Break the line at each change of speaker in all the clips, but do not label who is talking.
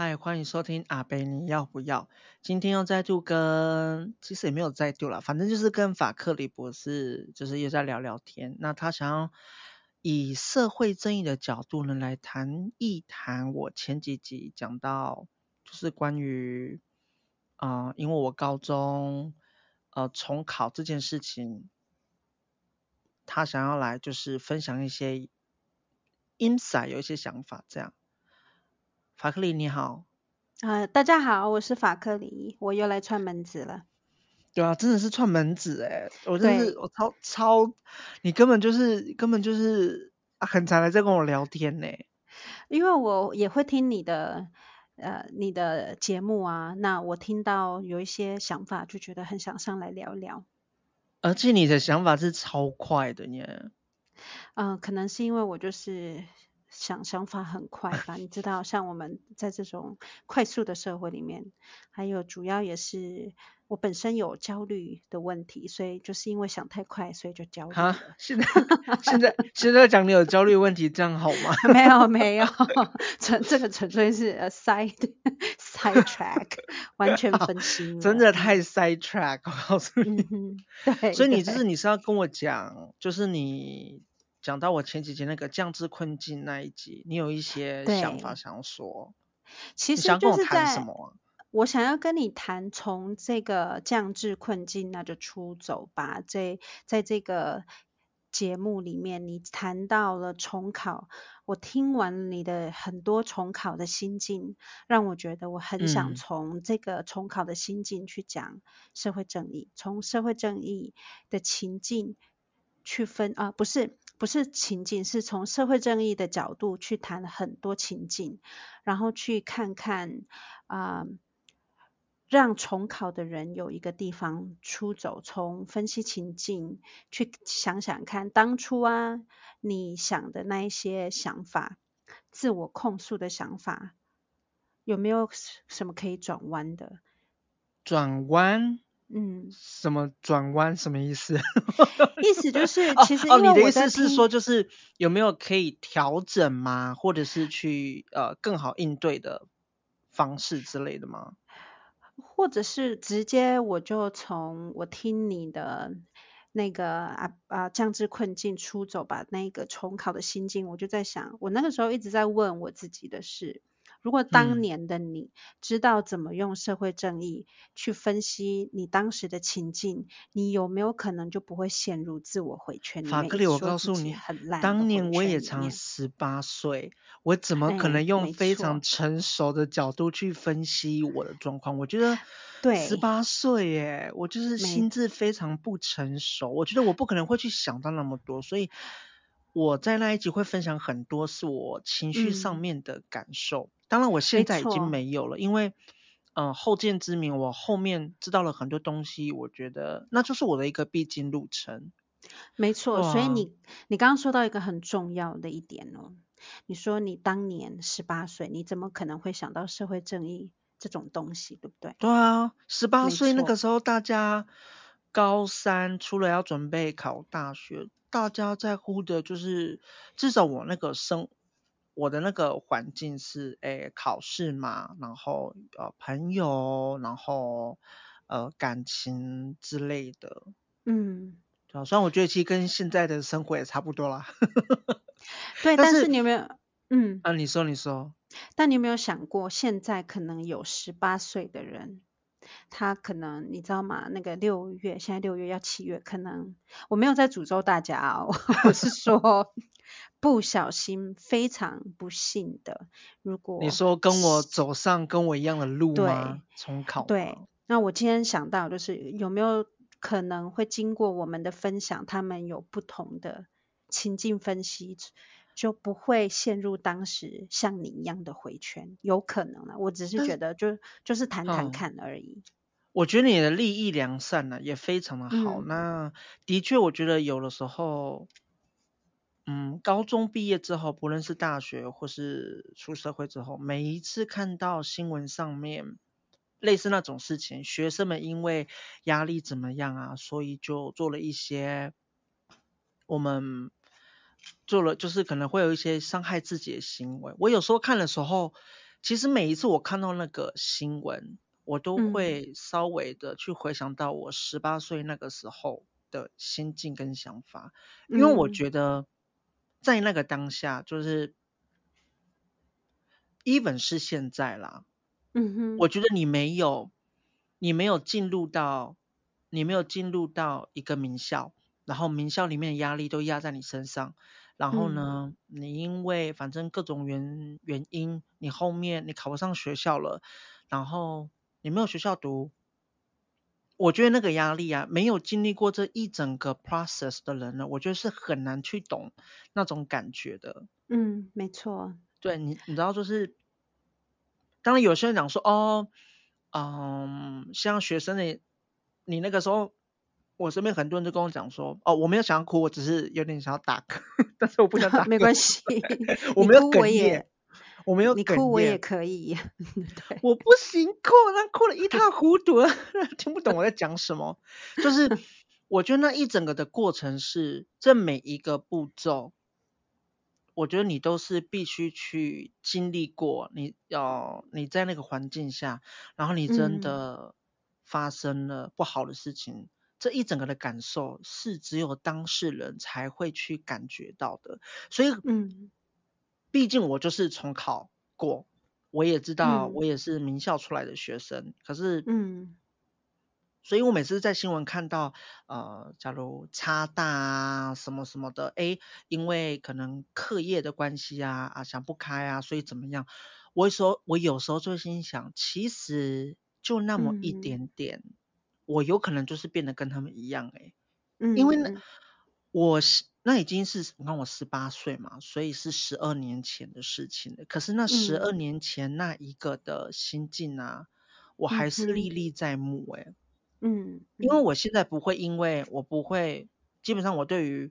嗨，歡迎收聽阿貝，你要不要？今天又再度跟，其實也沒有再度了，反正就是跟法客離博士，就是又在聊聊天。那他想要以社會正義的角度呢來談一談，我前幾集講到就是關於啊、呃，因為我高中呃重考這件事情，他想要來就是分享一些 insight，有一些想法這樣。法客離你好，
啊、呃、大家好，我是法客離，我又來串門子了。
對啊，真的是串門子誒，我真的是我超超，你根本就是根本就是，啊、很常來在跟我聊天呢。
因為我也會聽你的呃你的節目啊，那我聽到有一些想法，就覺得很想上來聊聊。
而且你的想法是超快的耶。嗯、
呃，可能是因為我就是。想想法很快吧，你知道，像我們在這種快速的社會裡面，還有主要也是我本身有焦慮的問題，所以就是因為想太快，所以就焦慮。啊、是的，
現在現在講你有焦慮問題， 這樣好嗎？沒有
沒有， 純這個純粹是呃 side side track， 完全分析、
啊、真的太 side track，我告訴你、嗯。對。所以你就是你是要跟我講，就是你。講到我前幾集那個降至困境那一集，你有一些想法想說，其實是想跟我談什麼？
啊。我想要跟你談從這個降至困境，那就出走吧。這在這個節目裡面，你談到了重考，我聽完你的很多重考的心境，讓我覺得我很想從這個重考的心境去講社會正義，從、嗯、社會正義的情境去分啊，不是。不是情境，是從社會正義的角度去談很多情境，然後去看看啊、呃，讓重考的人有一個地方出走。從分析情境去想想看，當初啊你想的那一些想法、自我控訴的想法，有沒有什麼可以轉彎的？
轉彎。嗯，什麼轉彎？什麼意思？ 意思就是，其實、哦哦、你的意思是說，就是有沒有可以調整嗎？或者是去呃更好應對的方式之類的嗎？
或者是直接我就從我聽你的那個啊啊這樣子困境出走吧，那個重考的心境，我就在想，我那個時候一直在問我自己的事。如果當年的你知道怎麼用社會正義去分析你當時的情境，嗯、你有沒有可能就不會陷入自我回圈裡面？法客離，我告訴你很爛，當年我也才
十八歲，我怎麼可能用非常成熟的角度去分析我的狀況？欸？我覺得，對，十八歲耶，我就是心智非常不成熟，我覺得我不可能會去想到那麼多。所以我在那一集會分享很多是我情緒上面的感受。嗯當然，我現在已經沒有了，因為，嗯、呃，後見之明，我後面知道了很多東西，我覺得那就是我的一個必經路程。
沒錯，所以你，你剛剛說到一個很重要的一點哦，你說你當年十八歲，你怎麼可能會想到社會正義這種東西，對不對？
對啊，十八歲那個時候，大家高三除了要準備考大學，大家在乎的就是，至少我那個生。我的那個環境是，哎、欸，考試嘛，然後呃，朋友，然後呃，感情之類的。嗯，對啊，雖然我覺得其實跟現在的生活也差不多啦。 對但，但是你有沒有？嗯，啊，你說你說。
但你有沒有想過，現在可能有十八歲的人，他可能你知道嗎？那個六月，現在六月要七月，可能我沒有在詛咒大家哦， 我是說。不小心，非常不幸的。如果你
說跟我走上跟我一樣的路嗎？對，重考。
對，那我今天想到就是有沒有可能會經過我們的分享，他們有不同的情境分析，就不會陷入當時像你一樣的回圈。有可能啊，我只是覺得就、嗯、就，就是談談看而已、嗯。
我覺得你的立意良善呢、啊、也非常的好。那的確，我覺得有的時候。嗯，高中畢業之後，不論是大學或是出社會之後，每一次看到新聞上面類似那種事情，學生們因為壓力怎麼樣啊，所以就做了一些我們做了，就是可能會有一些傷害自己的行為。我有時候看的時候，其實每一次我看到那個新聞，我都會稍微的去回想到我十八歲那個時候的心境跟想法，嗯，因為我覺得。在那個當下，就是，even 是現在啦，嗯
哼，
我覺得你沒有，你沒有進入到，你沒有進入到一個名校，然後名校裡面的壓力都壓在你身上，然後呢，mm -hmm. 你因為反正各種原原因，你後面你考不上學校了，然後你沒有學校讀。我覺得那個壓力啊，沒有經歷過這一整個 process 的人呢，我覺得是很難去懂那種感覺的。嗯，沒錯。對你，你知道就是，當然有些人講說，哦，嗯，像學生的，你那個時候，我身邊很多人就跟我講說，哦，我沒有想要哭，我只是有點想要打嗝，但是我不想打。啊，沒關係，我沒有哭，我也。我沒有。你哭我也可以，對，我不行，哭那哭得一塌糊塗， 聽不懂我在講什麼。就是我覺得那一整個的過程是，這每一個步驟，我覺得你都是必須去經歷過，你要、哦、你在那個環境下，然後你真的發生了不好的事情、嗯，這一整個的感受是只有當事人才會去感覺到的，所以嗯。畢竟我就是重考過，我也知道我也是名校出來的學生，嗯、可是，嗯，所以我每次在新聞看到，呃，假如差大啊什麼什麼的，哎、欸，因為可能課業的關係啊啊想不開啊，所以怎麼樣？我會說，我有時候就會心想，其實就那麼一點點、嗯，我有可能就是變得跟他們一樣哎、欸嗯，因為呢。嗯我那已經是，你看我十八歲嘛，所以是十二年前的事情了。可是那十二年前那一個的心境啊，嗯、我還是歷歷在目哎、欸嗯嗯。嗯。因為我現在不會，因為我不會，基本上我對於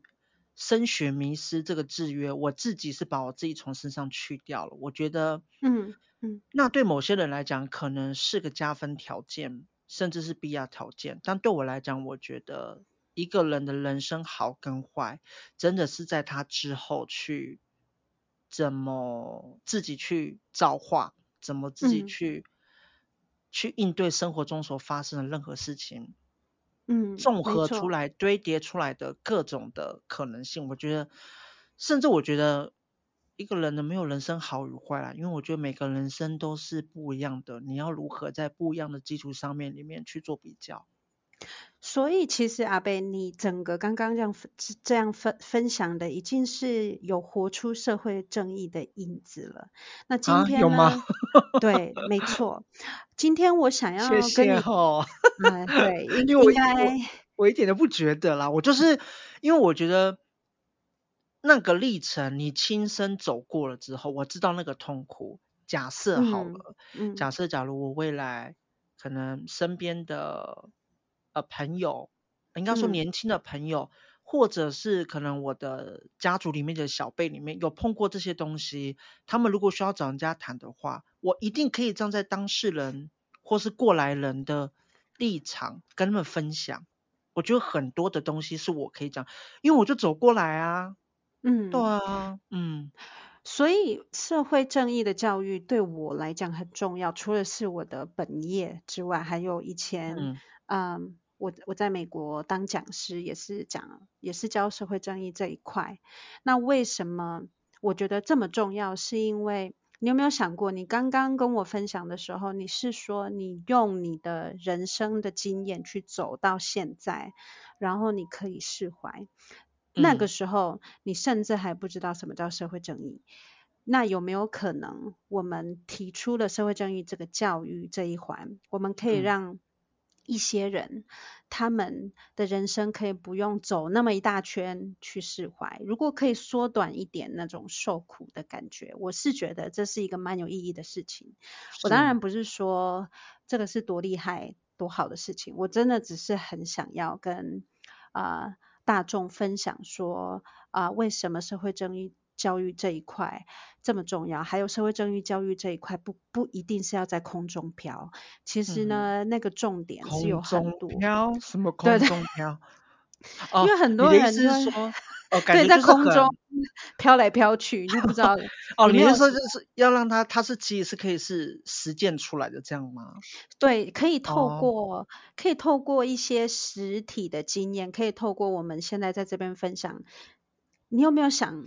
升學迷思這個制約，我自己是把我自己從身上去掉了。我覺得，嗯
嗯。
那對某些人來講，可能是個加分條件，甚至是必要條件。但對我來講，我覺得。一個人的人生好跟壞，真的是在他之後去怎麼自己去造化，怎麼自己去、嗯、去應對生活中所發生的任何事情，嗯，
綜合出來、
堆疊出來的各種的可能性，我覺得，甚至我覺得一個人的沒有人生好與壞啦，因為我覺得每個人生都是不一樣的，你要如何在不一樣的基礎上面裡面去做比較。
所以其實阿貝，你整個剛剛這樣這樣分分享的，已經是有活出社會正義的影子了。那今天呢？啊、有嗎？ 對，沒錯。今天我想要跟你謝謝哈、哦 嗯。對，因為我 我
我，我一點都不覺得啦。我就是因為我覺得那個歷程你親身走過了之後，我知道那個痛苦。假設好了，嗯嗯、假設假如我未來可能身邊的。呃，朋友，應該說年輕的朋友，嗯，或者是可能我的家族裡面的小輩裡面有碰過這些東西，他們如果需要找人家談的話，我一定可以站在當事人或是過來人的立場跟他們分享。我覺得很多的東西是我可以講，因為我就走過來啊，嗯，
對啊，嗯，所以社會正義的教育對我來講很重要，除了是我的本業之外，還有以前，嗯。呃我我在美國當講師，也是講，也是教社會正義這一塊。那為什麼我覺得這麼重要？是因為你有沒有想過，你剛剛跟我分享的時候，你是說你用你的人生的經驗去走到現在，然後你可以釋懷。嗯。那個時候你甚至還不知道什麼叫社會正義。那有沒有可能，我們提出了社會正義這個教育這一環，我們可以讓……一些人，他們的人生可以不用走那麼一大圈去釋懷。如果可以縮短一點那種受苦的感覺，我是覺得這是一個蠻有意義的事情。我當然不是說這個是多厲害、多好的事情，我真的只是很想要跟啊、呃、大眾分享說啊、呃、為什麼社會正義。教育這一塊這麼重要，還有社會正義教育這一塊，不不一定是要在空中飄。其實呢、嗯，那個重點是有很多，空中飄，什麼空中
飄？對對。哦，你的意思是說，哦，對
很在空中
是飄來飄去，你、哦、就不知道有有。哦，你的意思就是要讓他，他是其實是可以是實踐出來的這樣嗎？
對，可以透過，哦、可以透過一些實體的經驗，可以透過我們現在在這邊分享。你有沒有想？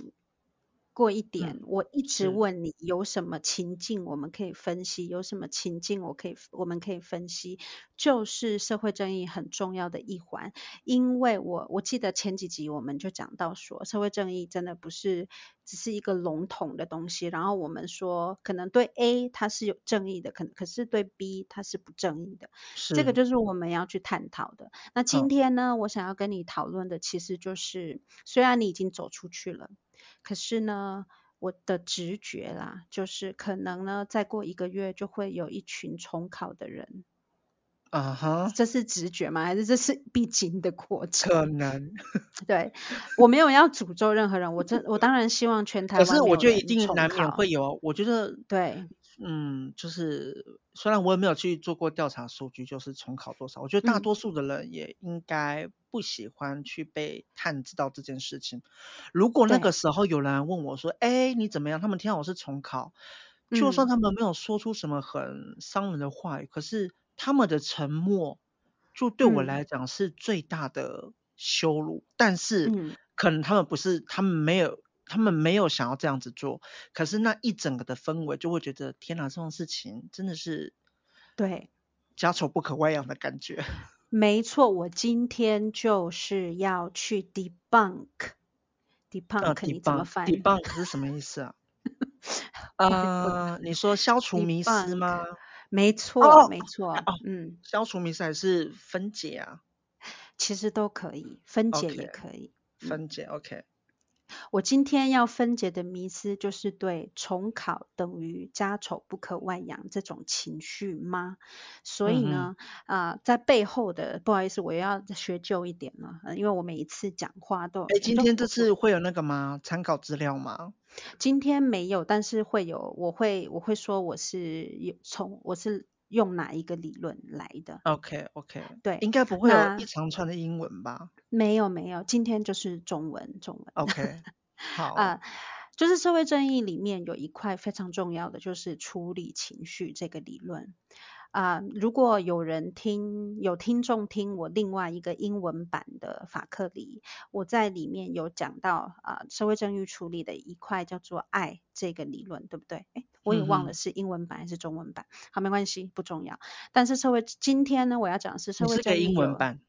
過一點，我一直問你有什麼情境我們可以分析，有什麼情境我可以我們可以分析，就是社會正義很重要的一環。因為我我記得前幾集我們就講到說，社會正義真的不是只是一個籠統的東西。然後我們說，可能對 A 它是有正義的，可可是對 B 它是不正義的是。這個就是我們要去探討的。那今天呢，哦，我想要跟你討論的其實就是，雖然你已經走出去了。可是呢，我的直覺啦，就是可能呢，再過一個月就會有一群重考的人。
啊哈，這是
直覺嗎？還是這是必經的過程？可能。 對，我沒有要詛咒任何人，我真， 我當然希望全台灣沒有重考。可是我覺得一定難免會
有，我覺得對。嗯，就是雖然我也沒有去做過調查數據，就是重考多少，我覺得大多數的人也應該不喜歡去被探知到這件事情。嗯、如果那個時候有人問我說，哎、欸，你怎麼樣？他們聽到我是重考，嗯、就算他們沒有說出什麼很傷人的話語，可是他們的沉默就對我來講是最大的羞辱，嗯。但是可能他們不是，他們沒有。他們沒有想要這樣子做，可是那一整個的氛圍就會覺得天哪，這種事情真的是對家醜不可外揚的感覺。
沒錯，我今天就是要去 debunk debunk、呃、你怎麼翻 debunk
是什麼意思啊？ 呃，你說消除迷思嗎？沒錯、哦，沒錯，嗯、哦，消除迷思還是分解啊？其實都可以，分解也可以，okay，分解、嗯、OK。我今天
要分解的迷思，就是對重考等於家醜不可外揚這種情緒嗎？嗯、所以呢，啊、呃，在背後的不好意思，我又要學舊一點了。因為我每一次講話都……哎，今天這次
會有那個嗎？參考資料嗎？
今天沒有，但是會有，我會我會說我是有從我是。用哪一個理論來的？OK OK，對，應該不會有一
長串的英文吧？
沒有沒有，今天就是中文，中文。OK，好，呃，就是社會正義裡面有一塊非常重要的，就是處理情緒這個理論。啊、呃，如果有人聽，有聽眾聽我另外一個英文版的法客離，我在裡面有講到啊、呃，社會正義處理的一塊叫做愛這個理論，對不對？誒我也忘了是英文版還是中文版，嗯、好，沒關係，不重要。但是社會今天呢，我要講的是社會。是個英文版，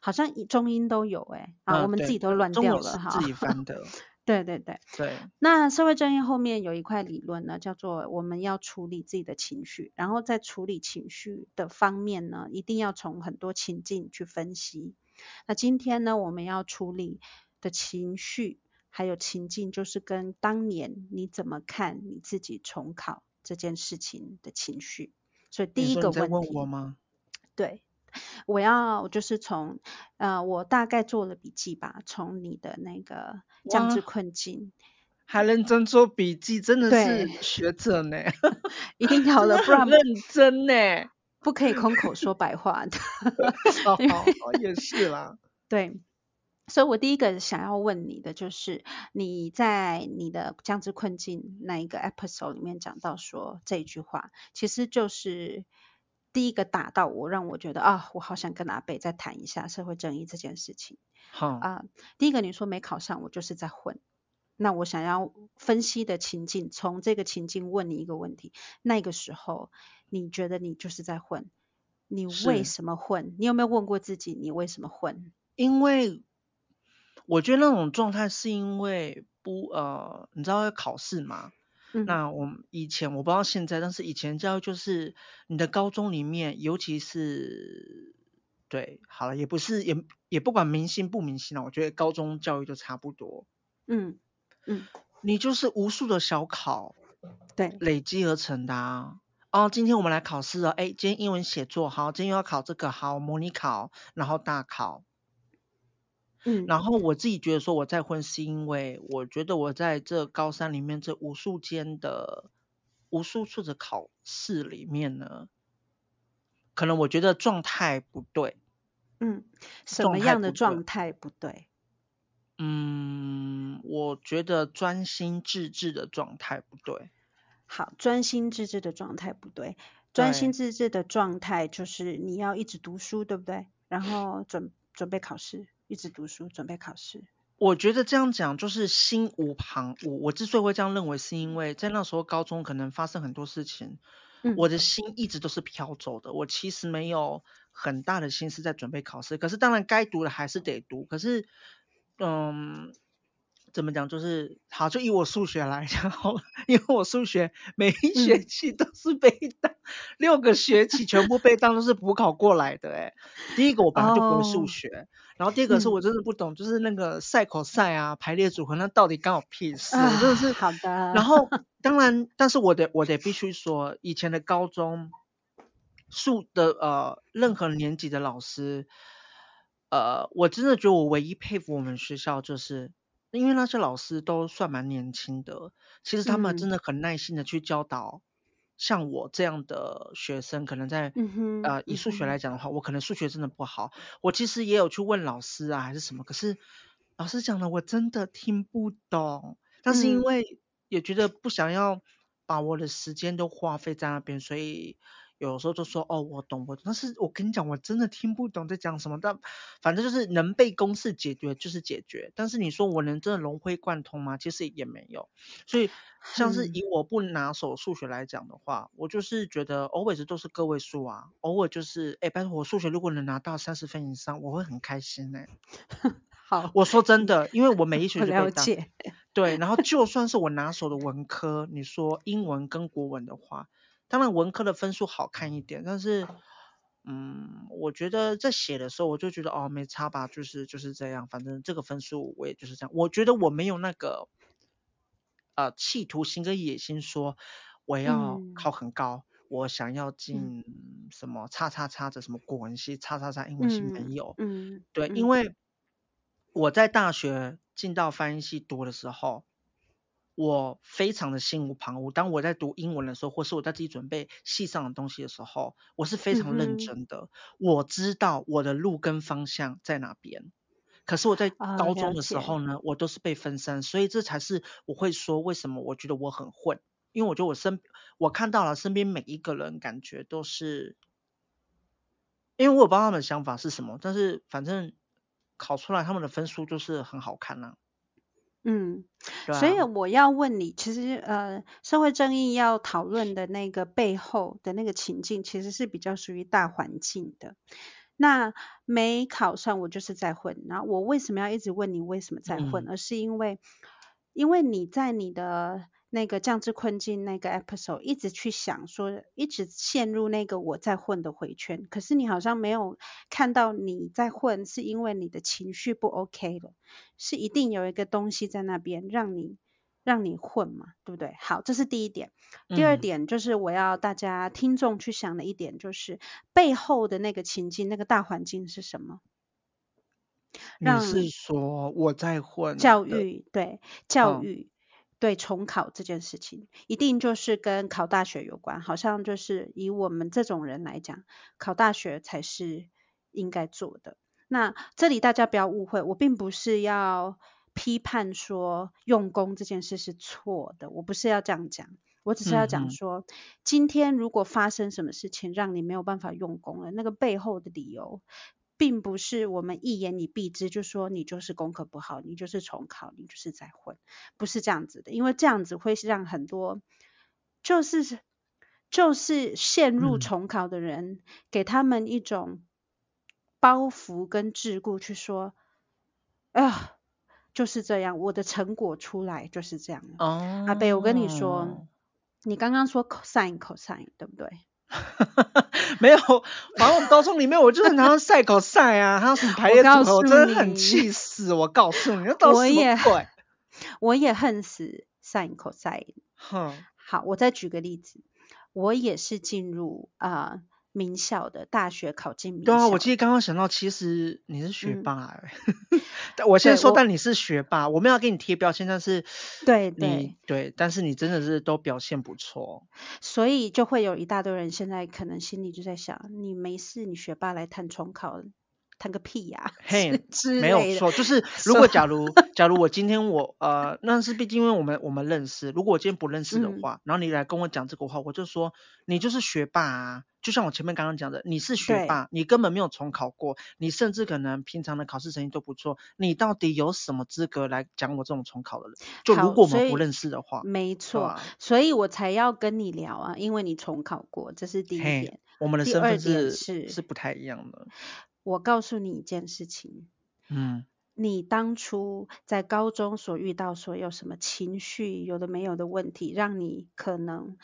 好像中英都有哎、欸哦、啊，我們自己都亂掉了，自己翻的。對對對對，那社會正義後面有一塊理論呢，叫做我們要處理自己的情緒，然後在處理情緒的方面呢，一定要從很多情境去分析。那今天呢，我們要處理的情緒還有情境，就是跟當年你怎麼看你自己重考這件事情的情
緒。所以第一個問題。你你在問我嗎？
對。我要就是從，呃，我大概做了筆記吧，從你的那個僵直困境，
還認真做筆記、嗯，真的是學者呢，
一定要的，不然認真呢，不可以空口說白話的。 哦好，
也是啦。
對，所以我第一個想要問你的，就是你在你的僵直困境那一個 episode 裡面講到說這句話，其實就是。第一個打到我，讓我覺得啊，我好想跟阿北再談一下社會正義這件事情。好、huh. 啊、呃，第一個你說沒考上，我就是在混。那我想要分析的情境，從這個情境問你一個問題：那個時候你覺得你就是在混？你為什麼混？你有沒有問過自己，你為
什麼混？因為我覺得那種狀態是因為不呃，你知道要考試嗎？那我們以前，我不知道現在，但是以前教育就是你的高中裡面，尤其是，對,好了,也不是,也,也不管明星不明星了啊，我覺得高中教育就差不多。嗯嗯，你就是無數的小考，對，累積而成的啊。哦，今天我們來考試了，誒、欸，今天英文寫作，好，今天又要考這個，好，模擬考，然後大考。嗯，然後我自己覺得說我，我再婚是因為我覺得我在這高三裡面這無數間的無數次的考試裡面呢，可能我覺得狀態不對。嗯，什麼樣的狀態，狀態不對？嗯，我覺得專心致志的狀態不對。好，專心致志的狀態不對。專心
致志的狀態，的狀態就是你要一直讀書，對不對？然後準準備考試。一直讀書準備考試，
我覺得這樣講就是心無旁騖。我之所以會這樣認為，是因為在那時候高中可能發生很多事情，嗯，我的心一直都是飄走的。我其實沒有很大的心思在準備考試，可是當然該讀的還是得讀。可是，嗯。怎麼講？就是好，就以我數學來講好了，因為我數學每一學期都是被當、嗯，六個學期全部被當都是補考過來的。誒 第一個我本來就不會數學、哦，然後第二個是我真的不懂、嗯，就是那個賽口賽啊，排列組合那到底干我屁事？真、
啊、的、so, 是好的。然
後當然，但是我得我得必須說，以前的高中數的呃任何年級的老師，呃，我真的覺得我唯一佩服我們學校就是。因為那些老師都算蠻年輕的，其實他們真的很耐心的去教導像我這樣的學生。可能在，嗯，呃，以數學來講的話，嗯，我可能數學真的不好，我其實也有去問老師啊，還是什麼，可是老師講的我真的聽不懂。但是因為也覺得不想要把我的時間都花費在那邊，所以。有時候就說哦，我懂我懂，但是我跟你講，我真的聽不懂在講什麼。但反正就是能被公式解決就是解決。但是你說我能真的融會貫通嗎？其實也沒有。所以像是以我不拿手數學來講的話，我就是覺得偶 l 都是個位數啊。偶爾就是哎、欸，拜托我數學如果能拿到三十分以上，我會很開心哎、欸。 好，我說真的，因為我每一學就 了解。對，然後就算是我拿手的文科，你說英文跟國文的話。當然文科的分數好看一點，但是，嗯，我覺得在寫的時候，我就覺得哦沒差吧，就是就是這樣，反正這個分數我也就是這樣。我覺得我沒有那個，呃，企圖心跟野心，說我要考很高，嗯、我想要進什麼叉叉叉的、嗯、什麼國文系、叉叉叉英文系沒有。嗯，嗯對嗯，因為我在大學進到翻譯系讀的時候。我非常的心無旁騖，當我在讀英文的時候，或是我在自己準備系上的東西的時候，我是非常認真的。嗯、我知道我的路跟方向在哪邊，可是我在高中的時候呢、哦，我都是被分散，所以這才是我會說為什麼我覺得我很混，因為我覺得我身，我看到了身邊每一個人感覺都是，因為我也不知道他們的想法是什麼，但是反正考出來他們的分數就是很好看的、啊。嗯、啊，所以
我要問你，其實呃，社會正義要討論的那個背後的那個情境，其實是比較屬於大環境的。那沒考上，我就是在混。然後我為什麼要一直問你為什麼在混？嗯、而是因為，因為你在你的。那個降智困境那個 episode，一直去想說，一直陷入那個我在混的回圈。可是你好像沒有看到你在混，是因為你的情緒不 OK 了，是一定有一個東西在那邊讓你讓你混嘛，對不對？好，這是第一點。第二點就是我要大家聽眾去想的一點，就是、嗯、背後的那個情境、那個大環境是什麼？
你是說我在混？教育，對，
對，教育。哦對重考這件事情，一定就是跟考大學有關。好像就是以我們這種人來講，考大學才是應該做的。那這裡大家不要誤會，我並不是要批判說用功這件事是錯的，我不是要這樣講，我只是要講說，嗯、今天如果發生什麼事情讓你沒有辦法用功了，那個背後的理由。並不是我們一言以蔽之，就說你就是功課不好，你就是重考，你就是在混，不是這樣子的，因為這樣子會讓很多就是就是陷入重考的人、嗯、給他們一種包袱跟桎梏，去說，啊、呃，就是這樣，我的成果出來就是這樣。哦，阿北，我跟你說，你剛剛說 cosine cosine 對不對？
沒有，反正我高中裡面我就是拿上賽口賽啊，還有什麼排列組合，我我真的很氣死我！我告訴你是，我也，我也恨
死賽口賽。哼，好，我再舉個例子，我也是進入啊。呃名校的大學，考進名校的。對啊，我記得
剛剛想到，其實你是學霸哎、欸，嗯、 我現在說， 但你是學霸，我，我沒有要給你貼標籤，但是你，對對對，但是你真的是都表現不錯，
所以就會有一大堆人現在可能心裡就在想，你沒事，你學霸來探重考
談個屁呀，啊 Hey！沒有錯，就是如果假如 假如我今天我呃，那是畢竟因為我們我們認識。如果我今天不認識的話，嗯、然後你來跟我講這個話，我就說，你就是學霸啊！就像我前面剛剛講的，你是學霸，你根本沒有重考過，你甚至可能平常的考試成績都不錯，你到底有什麼資格來講我這種重考的人？就如果我們不認識的話，
沒錯，所以我才要跟你聊啊，因為你重考過，這是第一點。Hey, 我們的身份是是，是不太一樣的。我告訴你一件事情，嗯，你當初在高中所遇到所有什麼情緒，有的沒有的問題，讓你可能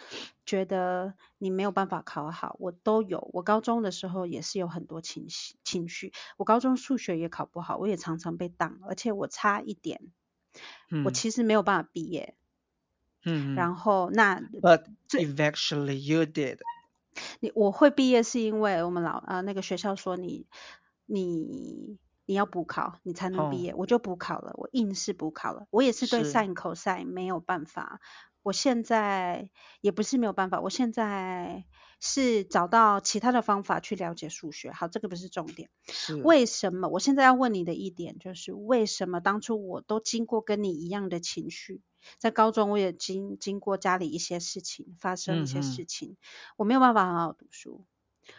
覺得你沒有辦法考好，我都有。我高中的時候也是有很多情緒，情緒。我高中數學也考不好，我也常常被當，而且我差一點，我其實沒有辦法畢業。
嗯，
然後、Mm-hmm. 那。
But，eventually you did。
你我會，畢業是因為我們老啊、呃、那個學校說你你你要補考你才能畢業、哦、我就補考了，我硬是補考了，我也是對 sin cos 沒有辦法。我現在也不是沒有辦法，我現在是找到其他的方法去了解數學。好，這個不是重點。是。為什麼？我現在要問你的一點就是，為什麼當初我都經過跟你一樣的情緒，在高中我也經經過家裡一些事情發生一些事情，嗯、我沒有辦法好好讀書，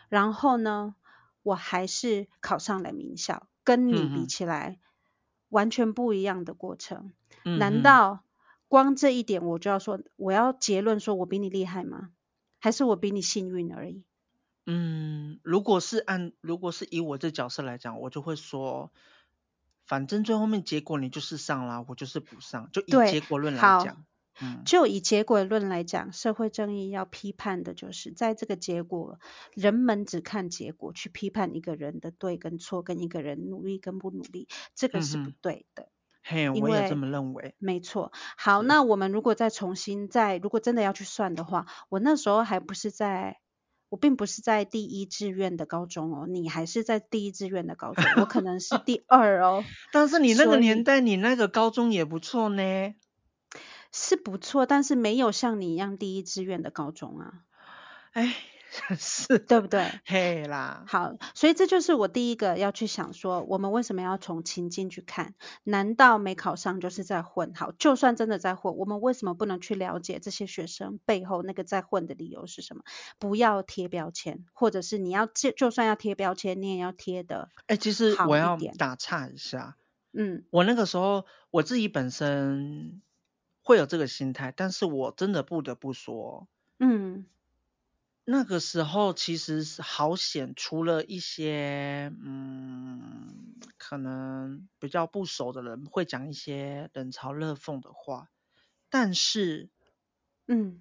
然後呢，我還是考上了名校，跟你比起來、嗯、完全不一樣的過程。嗯、難道？光這一點，我就要說，我要結論說，我比你厲害嗎？還是我比你幸運
而已？嗯，如果是按，如果是以我這角色來講，我就會說，反正最後面結果你就是上啦，我就是不上，就以結果論來講。
對，好。嗯，就以結果論來講，社會正義要批判的就是在這個結果，人們只看結果去批判一個人的對跟錯，跟一個人努力跟不努力，這個是不對的。嗯
Hey, 我也這麼認
為，沒錯。好，嗯，那我們如果再重新再，如果真的要去算的話，我那時候還不是在，我並不是在第一志願的高中哦。你還是在第一志願的高中， 我可能是第二哦。 但是你那個年
代，你那個高中也不錯呢？
是不錯，但是沒有像你一樣第一志願的高中啊。哎。 是，對不對？嘿啦，好，所以這就是我第一個要去想說，我們為什麼要從情境去看？難道沒考上就是在混？好，就算真的在混，我們為什麼不能去了解這些學生背後那個在混的理由是什麼？不要貼標籤，或者是你要就就算要貼標籤，你也要貼的。
哎、欸，其實我要打岔一下，嗯，我那個時候我自己本身會有這個心態，但是我真的不得不說，嗯。那個時候其實是好險，除了一些嗯，可能比較不熟的人會講一些冷嘲熱諷的話，但是嗯，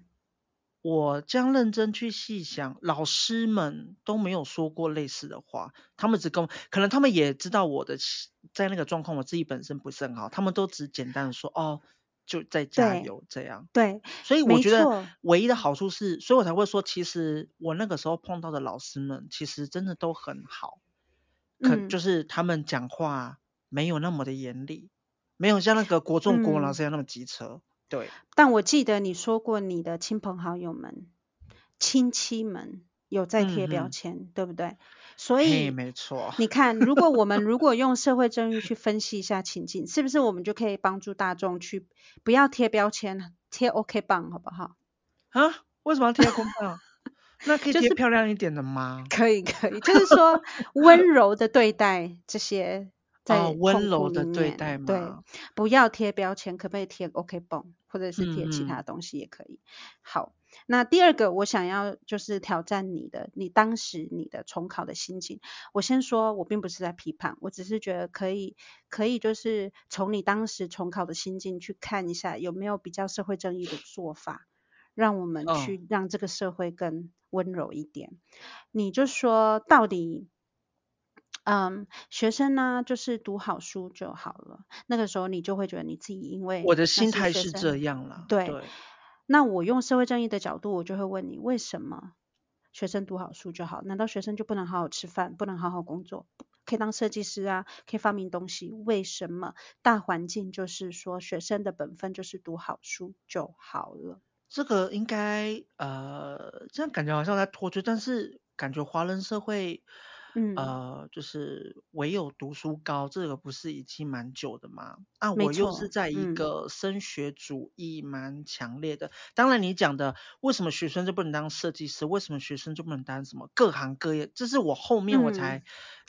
我這樣認真去細想，老師們都沒有說過類似的話，他們只跟可能他們也知道我的在那個狀況，我自己本身不是很好，他們都只簡單的說哦。就在加油這樣對，對，所以我覺得唯一的好處是，所以我才會說，其實我那個時候碰到的老師們，其實真的都很好，嗯、可就是他們講話沒有那麼的嚴厲，沒有像那個國中國老師要那麼機車，嗯。對，
但我記得你說過你的親朋好友們、親戚們。有在貼標籤、嗯，對不對？所以
沒錯。
你看，如果我們如果用社會正義去分析一下情境， 是不是我們就可以幫助大眾去不要貼標籤，貼 OK 棒好不好？啊？為什麼要貼 OK 棒？
那可以貼漂亮一點的嗎？就是、可以可以，就是說
溫柔的對待這些
在。哦，溫柔的對待嗎？對，
不要貼標籤，可不可以貼 OK 棒，或者是貼其他東西也可以。嗯嗯好。那第二個，我想要就是挑戰你的，你當時你的重考的心情。我先說，我並不是在批判，我只是覺得可以，可以就是從你當時重考的心境去看一下，有沒有比較社會正義的做法，讓我們去讓這個社會更溫柔一點。嗯、你就說，到底，嗯，學生呢，就是讀好書就好了。那個時候你就會覺得你自己因為我的心態是這樣了，對。對。那我用社會正義的角度，我就會問你，為什麼學生讀好書就好？難道學生就不能好好吃飯，不能好好工作，可以當設計師啊，可以發明東西？為什麼大環境就是說學生的本分就是讀好
書就好了？這個應該呃，這樣感覺好像在脫罪，但是感覺華人社會。嗯，呃，就是唯有讀書高，這個不是已經蠻久的嗎？啊，我又是在一個升學主義蠻強烈的。嗯、當然你，你講的為什麼學生就不能當設計師？為什麼學生就不能當什麼各行各業？這，就是我後面我才，嗯、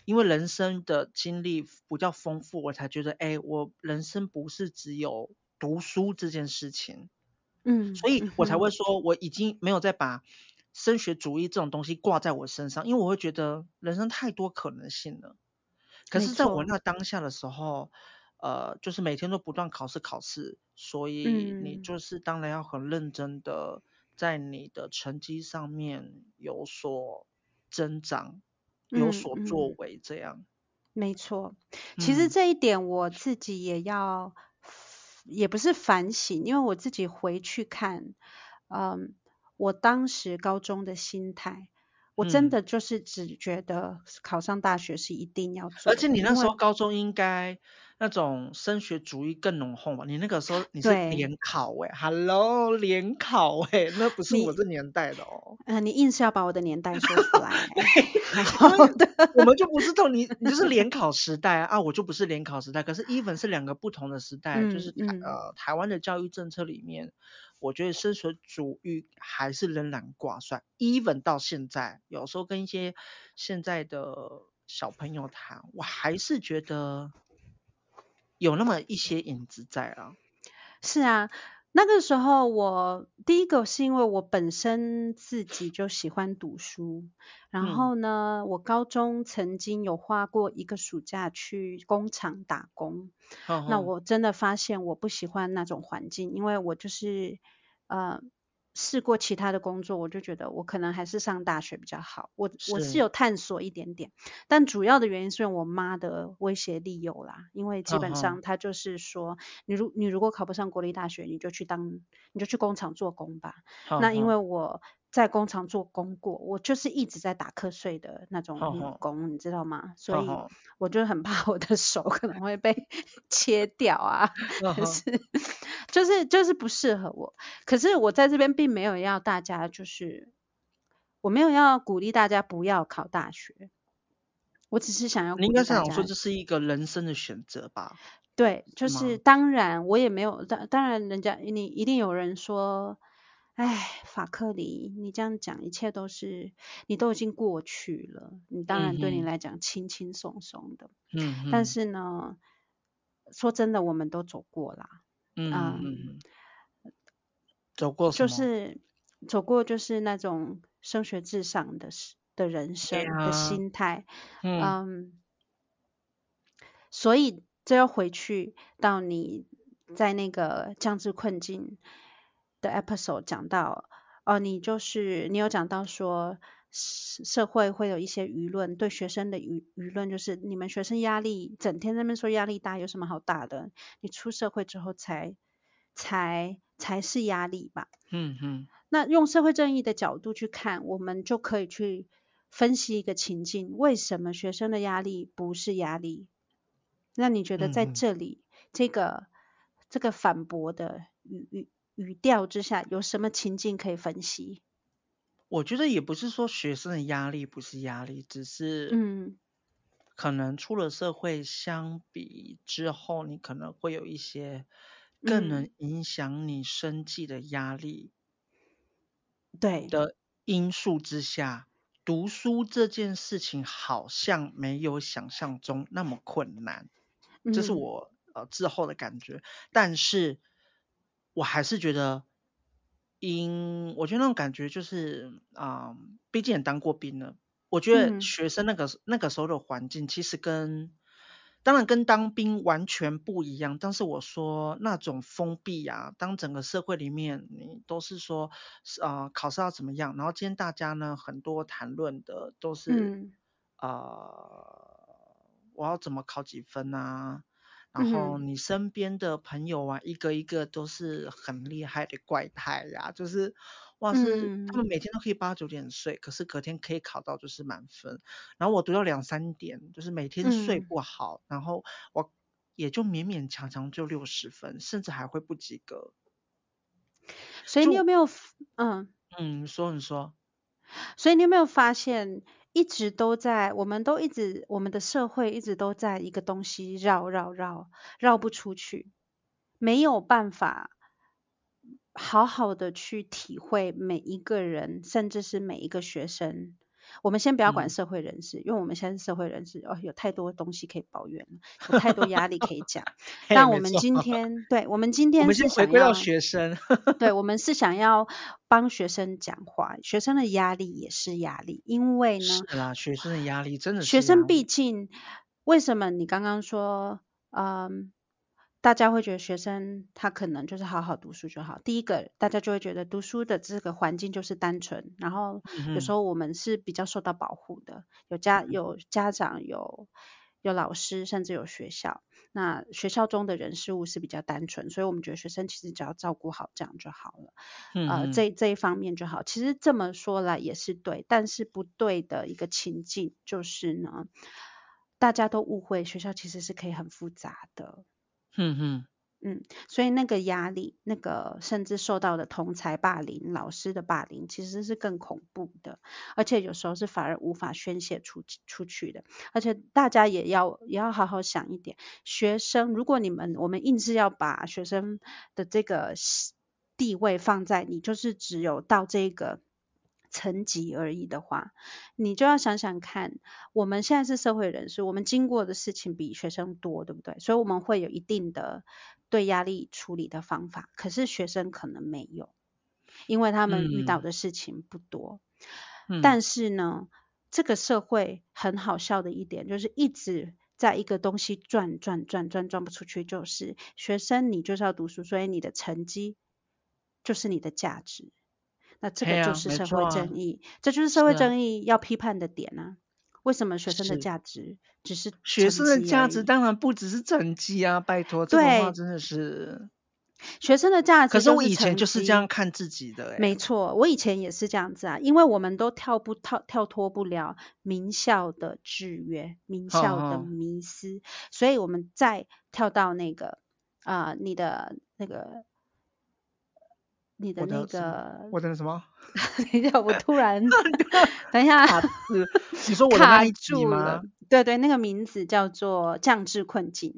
因為人生的經歷比較豐富，我才覺得，哎、欸，我人生不是只有讀書這件事情。嗯，所以我才會說，嗯、我已經沒有再把。升學主義這種東西掛在我身上，因為我會覺得人生太多可能性了。沒錯。可是在我那當下的時候，呃，就是每天都不斷考試考試，所以你就是當然要很認真的在你的成績上面有所增長，
嗯、有所作
為這樣、嗯
嗯。沒錯，其實這一點我自己也要，也不是反省，因為我自己回去看，嗯。我當時高中的心態，我真的就是只覺得考上大學是一定要做的、嗯。而且你那時候
高中應該那種升學主義更濃厚嘛？你那個時候你是聯考哎、欸，Hello，聯考哎、欸，那不是我這年代的哦、喔
呃。你硬是要把我的年
代說出來、欸。 對 好的，我們，我們就不是同你，你就是聯考時代啊， 啊！我就不是聯考時代。可是 even 是兩個不同的時代，嗯、就是台、嗯、呃台灣的教育政策裡面。我覺得生存主義還是仍然掛帥，even 到現在，有時候跟一些現在的小朋友談，我還是覺得有那麼一些影子在啊。是啊。
那個時候我，我第一個是因為我本身自己就喜歡讀書，然後呢，嗯、我高中曾經有花過一個暑假去工廠打工，嗯，那我真的發現我不喜歡那種環境，因為我就是，呃。試過其他的工作，我就覺得我可能還是上大學比較好。我是我是有探索一點點，但主要的原因是用我媽的威脅利誘啦，因為基本上她就是說，你如，uh-huh. 你如果考不上國立大學，你就去當你就去工廠做工吧。
Uh-huh. 那因為
我在工廠做工過，我就是一直在打瞌睡的那種女工，uh-huh. 你知道嗎？所以我就很怕我的手可能會被切掉啊，uh-huh. 可是。 就是就是不適合我，可是我在這邊並沒有要大家，就是我沒有要鼓勵大家不要考大學，我只是想要。你應該是想說，這
是一個人生的選擇吧？
對，就是當然我也沒有，當當然人家你一定有人說，哎，法客離，你這樣講一切都是你都已經過去了，你當然對你來講輕輕鬆鬆的，嗯，但是呢，說真的，我們都走過啦。嗯嗯，嗯，走過就是走過，就是那種升學至上的的人生，Yeah，的心態，嗯。嗯，所以這要回去到你在那個降智困境的 episode 講到，哦，呃，你就是你有講到說。社會會有一些輿論，對學生的輿輿論就是你們學生壓力，整天在那邊說壓力大，有什麼好大的？你出社會之後才才才是壓力吧？嗯嗯。那用社會正義的角度去看，我們就可以去分析一個情境，為什麼學生的壓力不是壓力？那你覺得在這裡、嗯、這個這個反駁的語語語調之下，有什麼情境可以分析？
我覺得也不是說學生的壓力不是壓力，只是，可能出了社會相比之後、嗯，你可能會有一些更能影響你生計的壓力，對的因素之下、嗯，讀書這件事情好像沒有想象中那麼困難，嗯、這是我呃之後的感覺，但是我還是覺得。因我覺得那種感覺就是啊、呃，畢竟也當過兵了。我覺得學生那個、嗯、那個時候的環境其實跟，當然跟當兵完全不一樣。但是我說那種封閉啊，當整個社會裡面你都是說啊、呃、考試要怎麼樣，然後今天大家呢很多談論的都是啊、嗯呃、我要怎麼考幾分啊。然後你身邊的朋友啊、嗯，一個一個都是很厲害的怪胎呀、啊，就是哇是、嗯、他們每天都可以八九點睡，可是隔天可以考到就是滿分。然後我讀到兩三點，就是每天睡不好，嗯、然後我也就勉勉強強，強就六十分，甚至還會不及格。
所以你有沒
有嗯？嗯，說你說。
所以你有沒有發現？一直都在，我們都一直，我們的社會一直都在一個東西繞繞繞，繞不出去，沒有辦法好好的去體會每一個人，甚至是每一個學生。我們先不要管社會人士、嗯，因為我們現在是社會人士哦，有太多東西可以抱怨，有太多壓力可
以講。 但我們今
天，對，我們今天是想要我們先回歸到學生， 對，我們是想要幫學生講話。學生的壓力也是壓力，因為呢，是
啦，學生的壓力真的是學生，
畢竟為什麼你剛剛說，嗯。大家會覺得學生他可能就是好好讀書就好。第一個，大家就會覺得讀書的這個環境就是單純。然後有時候我們是比較受到保護的，嗯、有家有家長，有有老師，甚至有學校。那學校中的人事物是比較單純，所以我們覺得學生其實只要照顧好這樣就好
了。呃，這
這一方面就好。其實這麼說來也是對，但是不對的一個情境就是呢，大家都誤會學校其實是可以很複雜的。嗯嗯嗯，所以那個壓力，那個甚至受到的同儕霸凌，老師的霸凌，其實是更恐怖的，而且有時候是反而無法宣洩出出去的。而且大家也要也要好好想一點，學生如果你們我們硬是要把學生的這個地位放在你，你就是只有到這個成績而已的話，你就要想想看，我們現在是社會人士，我們經過的事情比學生多，對不對？所以我們會有一定的對壓力處理的方法，可是學生可能沒有，因為他們遇到的事情不多。嗯、但是呢、嗯，這個社會很好笑的一點就是一直在一個東西轉轉轉轉轉不出去，就是學生你就是要讀書，所以你的成績就是你的價值。那這個就是社會正義，啊、這就是社會正義要批判的點啊，啊！為什麼學生的價值只是學生的價值？當然
不只是成績啊！拜托，對，真的是學生的價值是。可是我以前就是這樣看自己的。沒
錯，我以前也是這樣子啊，因為我們都跳不跳跳脫不了名校的制約、名校的迷思、哦哦，所以我們再跳到那個啊、呃，你的那個。
你的那個，
我的什麼？等一下，我突然， 等一下，
你
說我的卡住嗎？對對，那個名字叫做“降智困境”，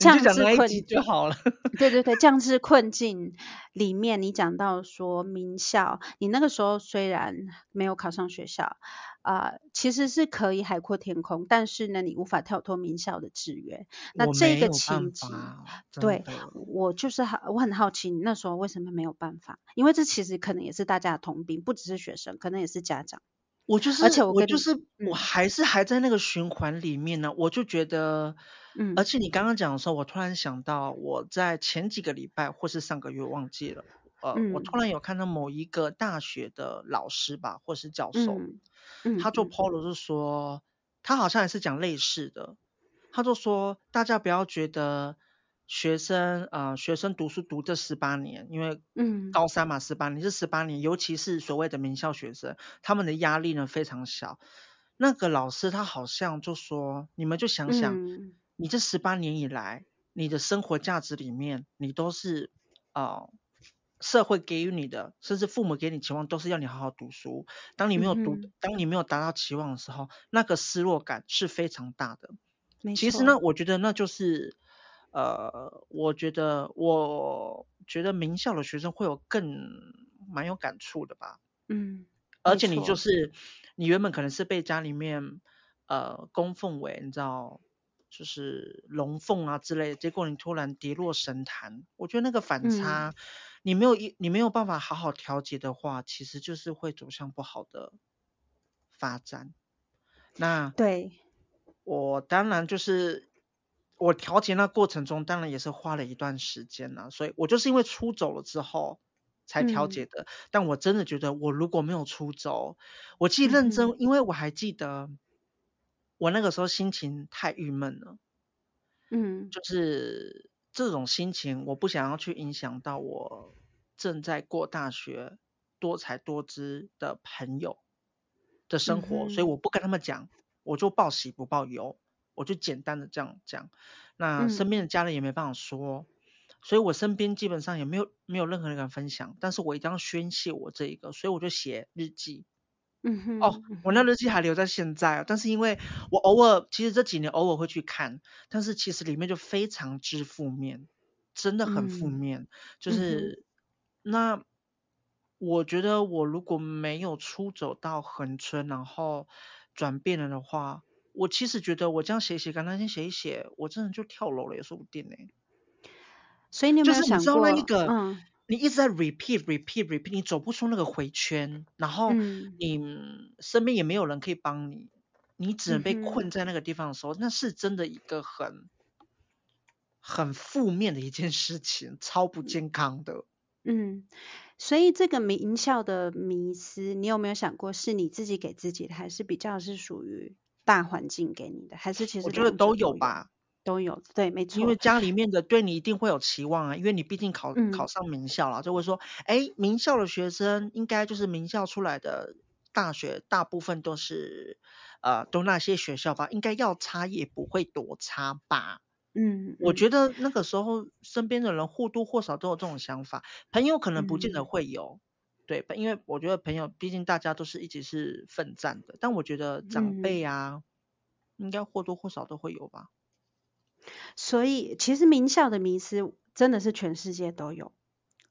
降智困境就好
了。對，對對對，降智困境裡面，你講到說名校， 你那個時候雖然沒有考上學校。啊、呃，其實是可以海闊天空，但是呢，你無法跳脫名校的制約。那這個情景，對，我就是好，我很好奇你那時候為什麼沒有辦法？因為這其實可能也是大家的通病，不只是學生，可能也是家長。我就是，而且我，跟我就是、
嗯，我還是還在那個循環裡面呢。我就覺得，嗯，而且你剛剛講的時候，我突然想到，我在前幾個禮拜或是上個月忘記了。呃、嗯，我突然有看到某一個大學的老師吧，或是教授，嗯嗯、他做 polo 就說，他好像也是講類似的，他就說，大家不要覺得學生呃學生讀書讀這十八年，因為高三嘛十八年、嗯、這十八年，尤其是所謂的名校學生，他們的壓力呢非常小。那個老師他好像就說，你們就想想，嗯、你這十八年以來，你的生活價值裡面，你都是啊。呃社會給予你的，甚至父母給你期望，都是要你好好讀書。當你沒有讀，嗯、當你沒有達到期望的時候，那個失落感是非常大的。沒錯。其實呢，我覺得那就是，呃，我覺得，我覺得名校的學生會有更蠻有感觸的吧。嗯。而且你就是，你原本可能是被家裡面呃供奉為，你知道，就是龍鳳啊之類的，結果你突然跌落神壇，我覺得那個反差。嗯你沒有一，你沒有辦法好好調節的話，其實就是會走向不好的發展。那對我當然就是我調節那過程中，當然也是花了一段時間啦。所以我就是因為出走了之後才調節的、嗯，但我真的覺得，我如果沒有出走，我既認真、嗯，因為我還記得我那個時候心情太鬱悶了，嗯，就是。這種心情，我不想要去影響到我正在過大學多才多姿的朋友的生活，嗯，所以我不跟他們講，我就報喜不報憂，我就簡單的這樣講。那身邊的家人也沒辦法說，嗯，所以我身邊基本上也沒有沒有任何人敢分享，但是我一定要宣泄我這一個，所以我就寫日記。哦、 oh,，我那日記還留在現在，但是因為我偶爾，其實這幾年偶爾會去看，但是其實裡面就非常之負面，真的很負面。嗯、就是、嗯、那我覺得我如果沒有出走到橫村，然後轉變了的話，我其實覺得我這樣寫寫，剛剛先寫一寫，我真的就跳樓了也說不定呢、欸。
所以你有沒有想過、就是你知道、那個。嗯
你一直在 repeat repeat repeat，你走不出那個迴圈，然後你身邊也沒有人可以幫你，嗯，你只能被困在那個地方的時候，嗯嗯，那是真的一個很很負面的一件事情，超不健康的。嗯，
所以這個名校的迷思，你有沒有想過是你自己給自己的，還是比較是屬於大環境給你的，還是其實我覺得都有吧。
都有，對，沒錯。因為家裡面的對你一定會有期望啊，因為你畢竟考、嗯、考上名校了，就會說，哎，名校的學生應該就是名校出來的大學，大部分都是，呃，都那些學校吧，應該要差也不會多差吧。嗯，嗯，我覺得那個時候身邊的人或多或少都有這種想法，朋友可能不見得會有，嗯、對，因為我覺得朋友畢竟大家都是一直是奮戰的，但我覺得長輩啊，嗯、應該或多或少都會有吧。
所以其實名校的名師真的是全世界都有，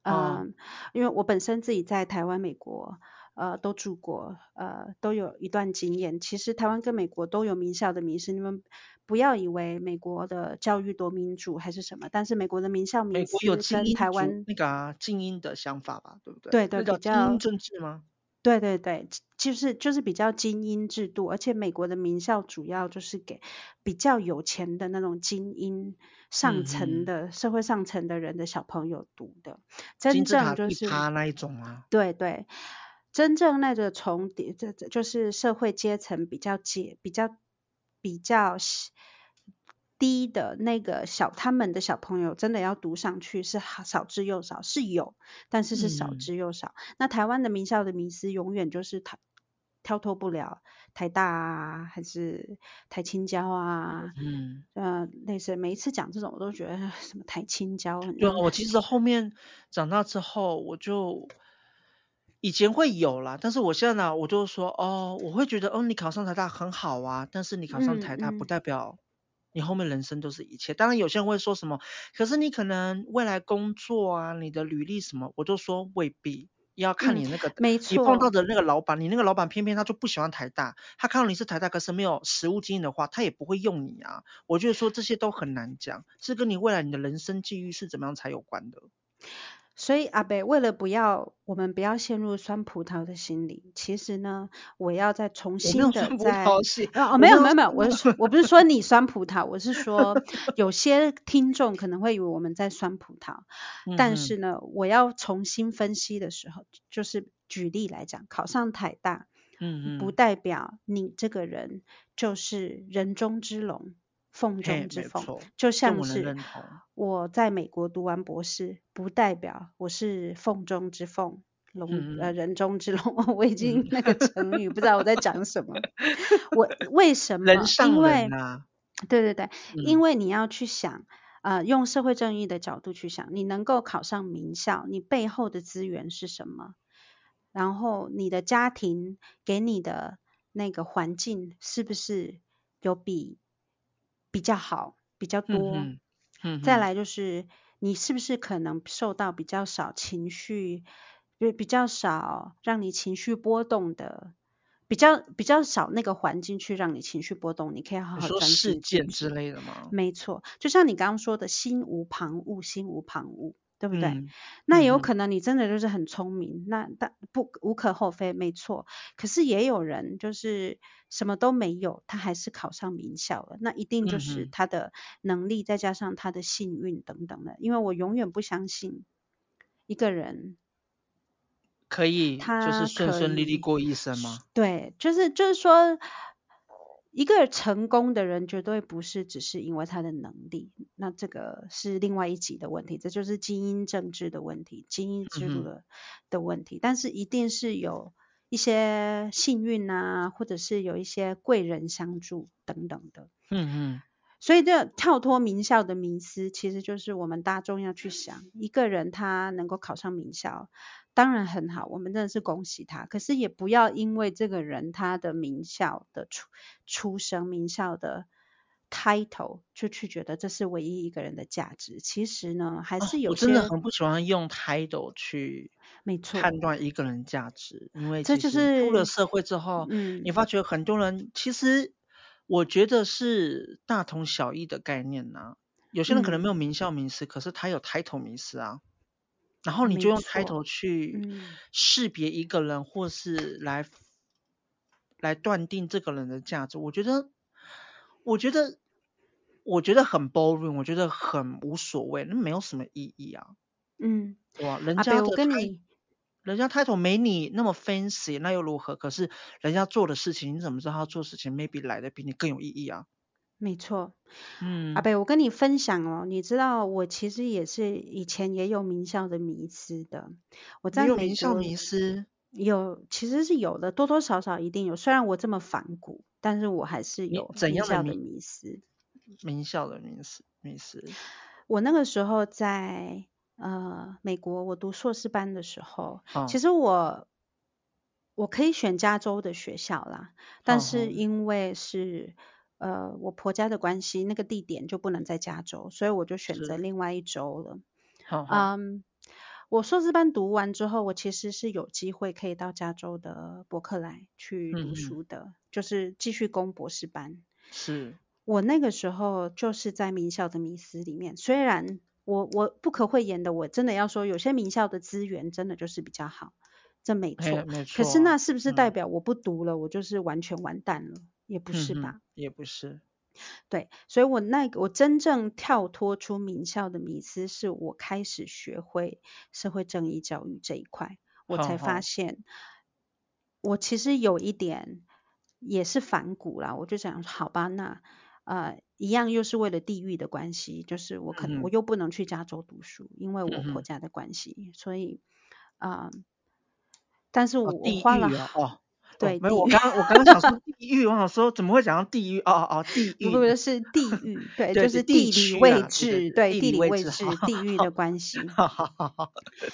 嗯、啊呃，因為我本身自己在台灣、美國，呃，都住過，呃，都有一段經驗。其實台灣跟美國都有名校的名師，你們不要以為美國的教育多民主還是什麼，但是美國的名校名師，美國有精英，台灣
那個啊，精英的想法吧，對不對？對對，那個、比較政
治嗎？對對對，
就是就是比
較精英制度，而且美國的名校主要就是給比較有錢的那種精英上層的、嗯、社會上層的人的小朋友讀
的，真正就是他那一種啊。
對對，真正那個從底這這就是社會階層比較階，比較比較。低的那個小他們的小朋友真的要讀上去是少之又少，是有，但是是少之又少。嗯、那台灣的名校的名師永遠就是跳跳脫不了台大啊，還是台清交啊，嗯，那、呃、類似每一次講這種，我都覺得什麼台清交很，對。我其實
後面長大之後，我就以前會有啦，但是我現在呢，我就說，哦，我會覺得，哦，你考上台大很好啊，但是你考上台大不代表、嗯。嗯你後面人生都是一切，當然有些人會說什麼，可是你可能未來工作啊，你的履歷什麼，我就說未必要看你那個，嗯、沒錯，你碰到的那個老闆，你那個老闆偏偏他就不喜歡台大，他看到你是台大，可是沒有實務經驗的話，他也不會用你啊。我就說這些都很難講，是跟你未來你的人生際遇是怎麼樣才有關的。所以阿
北，為了不要我們不要陷入酸葡萄的心理，其實呢，我要再重新的再，有有哦，沒有沒有沒有，我 是我不是說你酸葡萄，我是說有些聽眾可能會以為我們在酸葡萄， 但是呢，我要重新分析的時候，就是舉例來講，考上台大，嗯，不代表你這個人就是人中之龍。鳳中之鳳，就像是我在，我，我在美國讀完博士，不代表我是鳳中之鳳，龍、嗯、呃，人中之龍。我已經那個成語不知道我在講什麼。嗯、 我為什麼？人上人啊、因為對對對、嗯，因為你要去想，呃，用社會正義的角度去想，你能夠考上名校，你背後的資源是什麼？然後你的家庭給你的那個環境是不是有比？比較好，比較多。嗯嗯。再來就是，你是不是可能受到比較少情緒，就比較少讓你情緒波動的，比較比較少那個環境去讓你情緒波動？你可以好好專注事件之類的嗎？沒錯，就像你剛剛說的心，心無旁騖，心無旁騖。對不對、嗯？那有可能你真的就是很聰明，嗯、那但不，不無可厚非，沒錯。可是也有人就是什麼都沒有，他還是考上名校了，那一定就是他的能力、嗯、再加上他的幸運等等的。因為我永遠不相信一個人
可以，他可以就是順順利利過一生嗎？
對，就是就是說。一個成功的人絕對不是只是因為他的能力，那這個是另外一集的問題，這就是精英政治的問題，精英制度的問題、嗯。但是一定是有一些幸運啊，或者是有一些貴人相助等等的。嗯嗯。所以這，這跳脫名校的迷思，其實就是我們大眾要去想，一個人他能夠考上名校，當然很好，我們真的是恭喜他。可是，也不要因為這個人他的名校的出出身、名校的 title，就去覺得這是唯一一個人的價值。其實呢，還是有、哦、我真的很
不喜歡用 title 去判斷一個人價值，因為這就是出了社會之後，嗯，你發覺很多人其實。我覺得是大同小異的概念吶、啊。有些人可能沒有名校迷思、嗯，可是他有抬頭迷思啊。然後你就用抬頭去識別一個人，嗯、或是來來斷定這個人的價值。我覺得，我覺得，我覺得很 boring，我覺得很無所謂，那沒有什麼意義啊。嗯，哇，人家 tit... 跟你人家 title 沒你那麼 fancy，那又如何？可是人家做的事情，你怎麼知道他做事情 maybe 來得比你更有意義啊？沒錯，嗯，
阿伯，我跟你分享哦，你知道我其實也是以前也有名校的迷思的。我在有，有名校迷思。有，其實是有的，多多少少一定有。雖然我這麼反骨，但是我還是有名校的
迷思。名校的迷思。迷思。
我那個時候在。呃，美國，我讀碩士班的時候，其實我我可以選加州的學校啦，但是因為是好好呃我婆家的關係，那個地點就不能在加州，所以我就選擇另外一州了。好，好，嗯，我碩士班讀完之後，我其實是有機會可以到加州的伯克萊去讀書的，嗯，就是繼續攻博士班。是。我那個時候就是在名校的迷思裡面，雖然。我我不可諱言的，我真的要說，有些名校的資源真的就是比較好，這沒錯。哎、沒錯，可是那是不是代表我不讀了？嗯，我就是完全完蛋了？也不是吧。嗯、也不是。對，所以我那個我真正跳脫出名校的迷思，是我開始學會社會正義教育這一塊，我才發現，我其實有一點也是反骨啦，我就想，好吧，那呃。一樣又是為了地域的關係，就是我可能，嗯、我又不能去加州讀書，因為我婆家的關係，嗯，所以啊、呃，但是我花了哦，
地、啊、哦，對，地哦、沒有我剛我剛剛想說地域， 我想說怎麼會講到地獄？哦哦哦，地不不不，
是地域，對， 對，就是地理位置，對，地理位置，地域的
關係。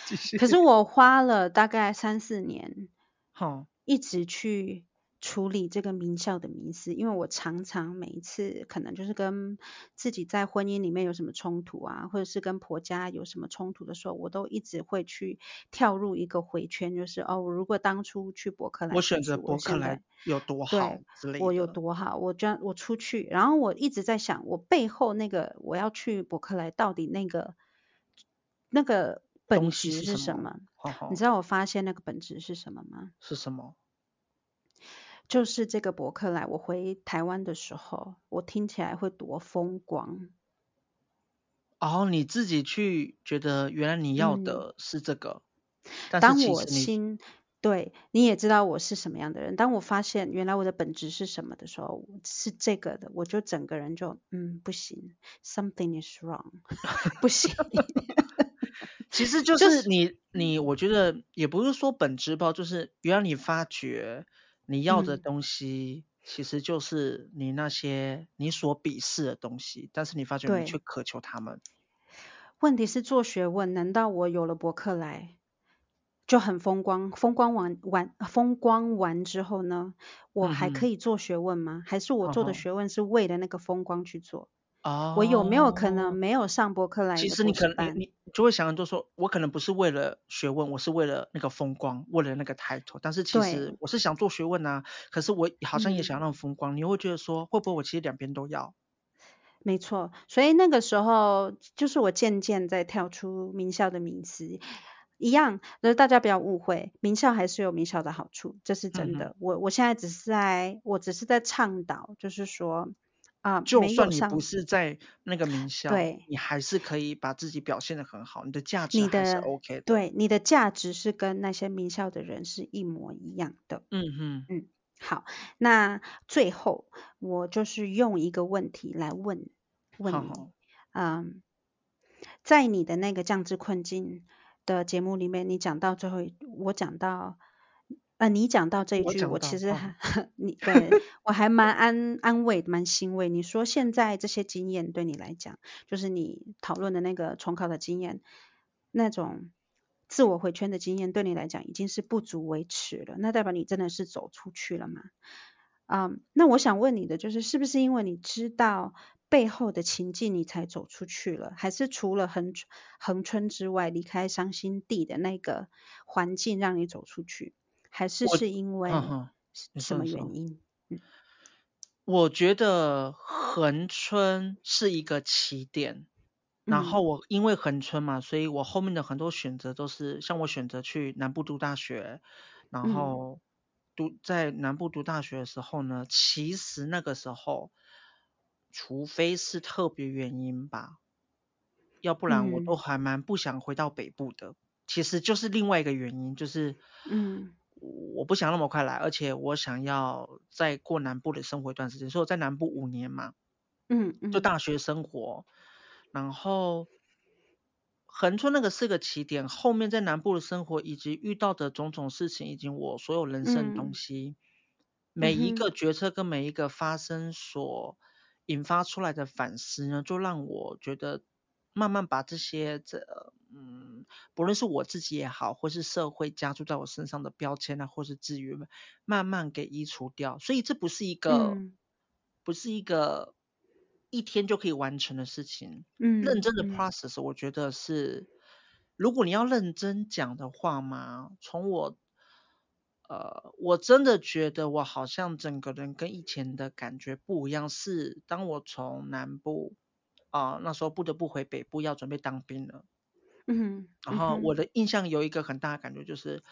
繼續。可
是我花了大概三四年，好，一直去。處理這個名校的迷思，因為我常常每一次可能就是跟自己在婚姻裡面有什麼衝突啊，或者是跟婆家有什麼衝突的時候，我都一直會去跳入一個迴圈，就是哦，我如果當初去伯克萊，我選擇伯克萊
有多好之類的，我，我
有多好，我將我出去，然後我一直在想，我背後那個我要去伯克萊到底那個那個本質是什麼？是什麼好好？你知道我發現那個本質是什麼嗎？是什麼？就是這個博客來，我回台灣的時候，我聽起來會多風光。
哦，你自己去覺得，原來你要的是這個，嗯，但是，當我心，
對，你也知道我是什麼樣的人。當我發現原來我的本質是什麼的時候，是這個的，我就整個人就，嗯，不行，something is wrong， 不行。
其實就是你，就是，你，我覺得也不是說本質吧，就是原來你發覺。你要的東西、嗯、其實就是你那些你所鄙視的東西，但是你發覺你卻渴求他們。
問題是做學問，難道我有了柏克萊就很風光？風光完完，風光完之後呢，我還可以做學問嗎、嗯？還是我做的學問是為了那個風光去做？嗯 Oh, 我有沒有可能沒有上柏克萊？其實你可能
你，你就會想很多，說我可能不是為了學問，我是為了那個風光，為了那個抬頭。但是其實我是想做學問啊，可是我好像也想要那種風光、嗯。你會覺得說，會不會我其實兩邊都要？
沒錯，所以那個時候就是我漸漸在跳出名校的名詞，一樣，就是大家不要誤會，名校還是有名校的好處，這是真的。嗯、我我現在只是在，我只是在倡導，就是說。啊、嗯，就算你不
是在那個名校，對，你還是可以把自己表現得很好，你的價值是 OK 的，你的。
對，你的價值是跟那些名校的人是一模一樣的。嗯嗯嗯，好，那最後我就是用一個問題來問問你好，好，嗯，在你的那個降智困境的節目裡面，你講到最後，我講到。啊、呃，你講到這一句，我，我其實還、哦、你對我還蠻安 安慰，蠻欣慰。你說現在這些經驗對你來講，就是你討論的那個重考的經驗，那種自我回圈的經驗，對你來講已經是不足為恥了。那代表你真的是走出去了嗎？啊、嗯，那我想問你的就是，是不是因為你知道背後的情境，你才走出去了？還是除了恆恆春之外，離開傷心地的那個環境，讓你走出去？
還
是是因為什麼
原因？我、嗯嗯嗯、因我覺得恆春是一個起點，嗯、然後我因為恆春嘛，所以我後面的很多選擇都是像我選擇去南部讀大學，然後讀、嗯、在南部讀大學的時候呢，其實那個時候，除非是特別原因吧，要不然我都還蠻不想回到北部的、嗯。其實就是另外一個原因，就是嗯。我不想那麼快來，而且我想要再過南部的生活一段時間，所以我在南部五年嘛，嗯，嗯就大學生活，然後恆春那個四個起點，後面在南部的生活以及遇到的種種事情，以及我所有人生的東西、嗯，
每一
個決策跟每一個發生所引發出來的反思呢，嗯、就讓我覺得。慢慢把這些這嗯，不論是我自己也好，或是社會加注在我身上的標籤啊，或是資源，慢慢給移除掉。所以這不是一個，嗯，不是一個一天就可以完成的事情。嗯，認真的 process，我覺得是，如果你要認真講的話嘛，從我，呃，我真的覺得我好像整個人跟以前的感覺不一樣，是當我從南部。啊、哦，那時候不得不回北部要準備當兵了。嗯
哼，然後我的
印象有一個很大的感覺就是，嗯、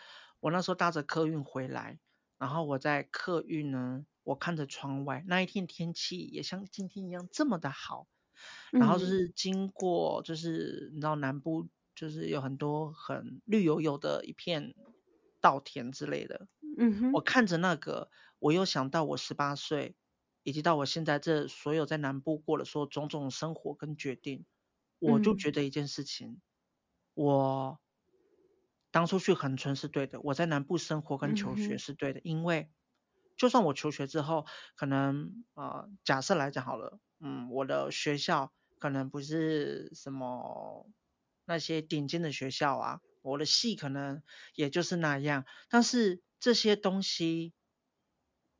我那時候搭着客運回來，然後我在客運呢，我看着窗外那一天天氣也像今天一樣這麼的好，然後就是經過就是你知道南部就是有很多很綠油油的一片稻田之類的。嗯哼，我看着那個，我又想到我十八歲。以及到我現在這所有在南部過的所種種生活跟決定，我就覺得一件事情，我當初去恆春是對的，我在南部生活跟求學是對的，嗯、因為就算我求學之後，可能啊、呃、假設來講好了，嗯，我的學校可能不是什麼那些頂尖的學校啊，我的系可能也就是那樣，但是這些東西。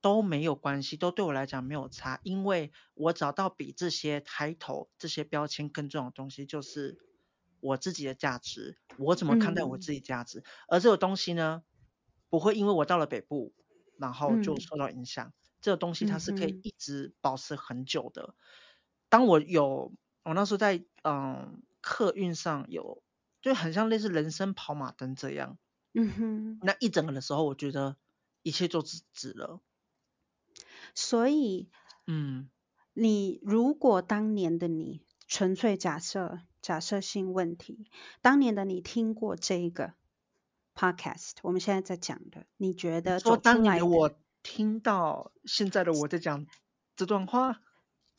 都沒有關係，都對我來講沒有差，因為我找到比這些抬頭、這些標籤更重要的東西，就是我自己的價值，我怎麼看待我自己的價值。嗯、而這個東西呢，不會因為我到了北部，然後就受到影響。嗯、這個東西它是可以一直保持很久的。嗯、當我有，我那時候在嗯客運上有，就很像類似人生跑馬燈這樣，嗯哼，那一整個的時候，我覺得一切就止止了。
所以，嗯，你如果當年的你，純粹假設假設性問題，當年的你聽過這個 podcast，我們現在在講的，你覺得說，當年我聽到現在的我在講這段話、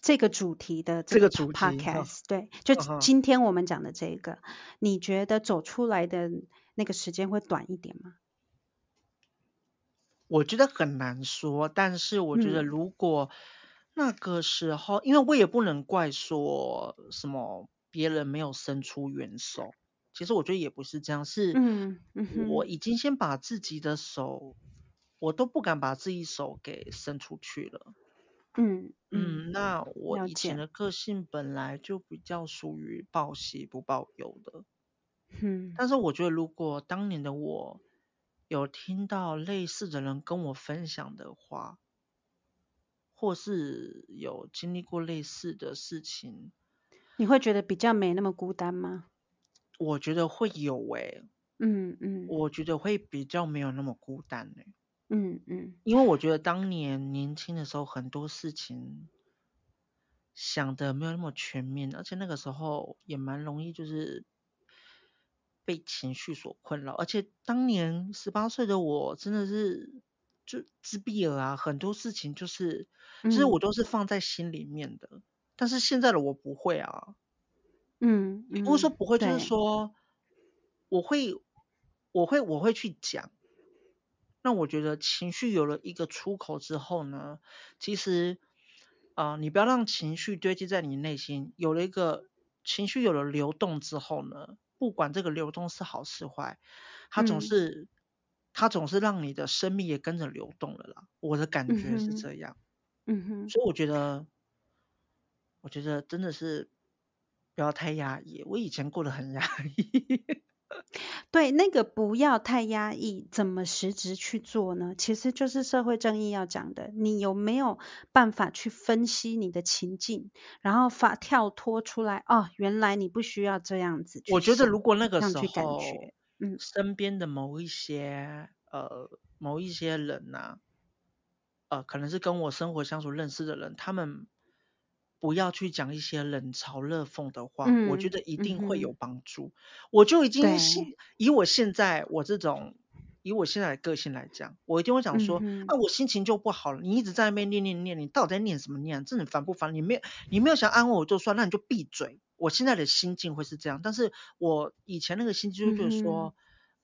這個主題的這個 podcast，這個主題、哦、對，就今天我們講的這個、哦，你覺得走出來的那個時間會短一點嗎？
我覺得很難說，但是我覺得如果那個時候，嗯、因為我也不能怪說什麼別人沒有伸出援手，其實我覺得也不是這樣，是
嗯，
我已經先把自己的手、嗯嗯，我都不敢把自己手給伸出去了。嗯嗯，那我以前的個性本來就比較屬於報喜不報憂的。嗯嗯、
的、的。
嗯，但是我覺得如果當年的我。有聽到類似的人跟我分享的話，或是有經歷過類似的事情，
你會覺得比較沒那麼孤單嗎？
我覺得會有誒，欸。嗯嗯。我覺得會比較沒有那麼孤單，欸。嗯嗯。因為我覺得當年年輕的時候很多事情想的沒有那麼全面，而且那個時候也蠻容易就是。被情緒所困擾，而且當年十八歲的我真的是就自閉了啊，很多事情就是、嗯、其實我都是放在心裡面的，但是現在的我不會啊，嗯，嗯也不是說不會，就是說我會我會我會去講。那我覺得情緒有了一個出口之後呢，其實啊、呃，你不要讓情緒堆積在你內心，有了一個情緒有了流動之後呢。不管這個流動是好是壞，它總是，嗯，它總是讓你的生命也跟着流動了啦。我的感覺是這樣嗯。
嗯哼，
所以我覺得，我覺得真的是不要太壓抑。我以前過得很壓抑。 對那個不
要太壓抑，怎麼實質去做呢？其實就是社會正義要講的，你有沒有辦法去分析你的情境，然後法跳脫出來？哦，原來你不需要這樣子。我覺得如果那個時候，
嗯，身邊的某一些呃某一些人吶、啊，呃，可能是跟我生活相處認識的人，他們。不要去講一些冷嘲熱諷的話，嗯，我覺得一定會有幫助，嗯。我就已經以我現在我這種以我現在的個性來講，我一定會想說，嗯，啊，我心情就不好了。你一直在那邊念念念，你到底在念什麼念？真的煩不煩？你沒有你沒有想安慰我就算，那你就閉嘴。我現在的心境會是這樣，但是我以前那個心境會是這樣、嗯、但是我以前那個心境就是說，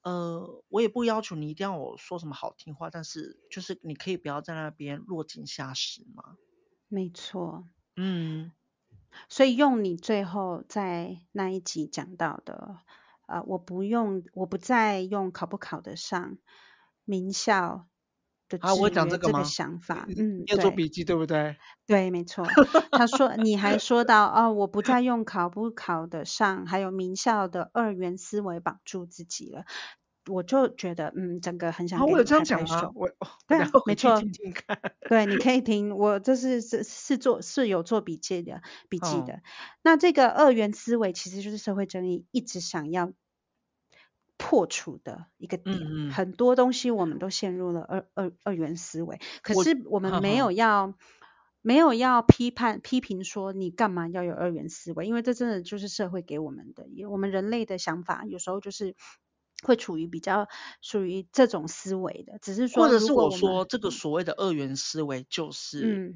嗯，呃，我也不要求你一定要我說什麼好聽話，但是就是你可以不要在那邊落井下石嘛。
沒錯。嗯，所以用你最後在那一集講到的，呃，我不用，我不再用考不考得上名校的制約這個想法。啊、嗯，要做筆
記對不、嗯、對？對，嗯、對沒錯。
他說，你還說到 哦，我不再用考不考得上，還有名校的二元思維綁住自己了。我就覺得，嗯，整個很想。我有這樣講嗎？我對啊，沒錯。對，你可以聽。我這是是是做是有做筆記的筆記的。記的哦，那這個二元思維其實就是社會正義一直想要破除的一個點。嗯嗯，很多東西我們都陷入了二二二元思維，可是我們沒有要沒有要批判嗯嗯批評說你幹嘛要有二元思維？因為這真的就是社會給我們的，我們人類的想法有時候就是。會處於比較屬於這種思維的，只是說，或者是我說、嗯、
這個所謂的二元思維，就是，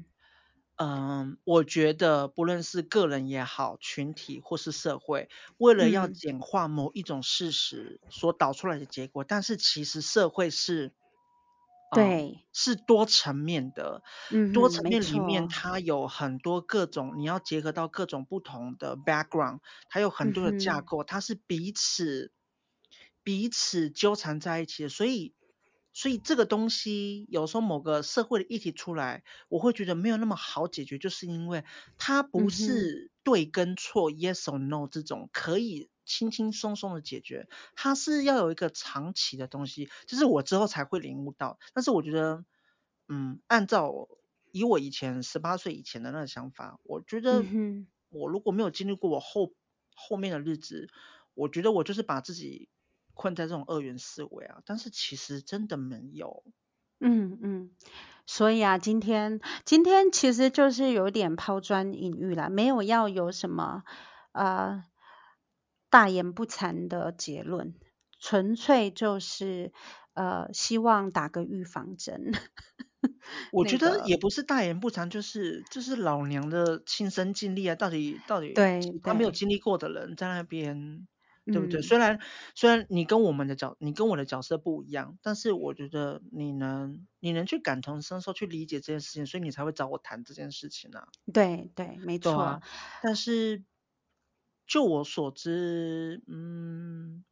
嗯，呃、我覺得不論是個人也好，群體或是社會，為了要簡化某一種事實所導出來的結果，嗯、但是其實社會是，對，呃、是多層面的，嗯，多層面裡面它有很多各種，你要結合到各種不同的 background，它有很多的架構，嗯、它是彼此。彼此糾纏在一起，所以，所以這個東西有時候某個社會的議題出來，我會覺得沒有那麼好解決，就是因為它不是對跟錯，嗯，yes or no 這種可以輕輕鬆鬆的解決，它是要有一個長期的東西。就是我之後才會領悟到。但是我覺得，嗯，按照以我以前十八歲以前的那個想法，我覺得，嗯，我如果沒有經歷過我後後面的日子，我覺得我就是把自己。困在這種二元思維啊，但是其實真的沒有。嗯嗯，
所以啊，今天今天其實就是有點拋磚引玉啦，沒有要有什麼呃大言不慚的結論，純粹就是呃希望打個預防針
那個。我覺得也不是大言不慚，就是就是老娘的親身經歷啊，到底到底，對，他沒有經歷過的人在那邊。對不對？嗯、雖然雖然你跟我們的角，你跟我的角色不一樣，但是我覺得你能你能去感同身受，去理解這件事情，所以你才會找我談這件事情呢、啊。對對，沒錯。啊、但是就我所知，嗯，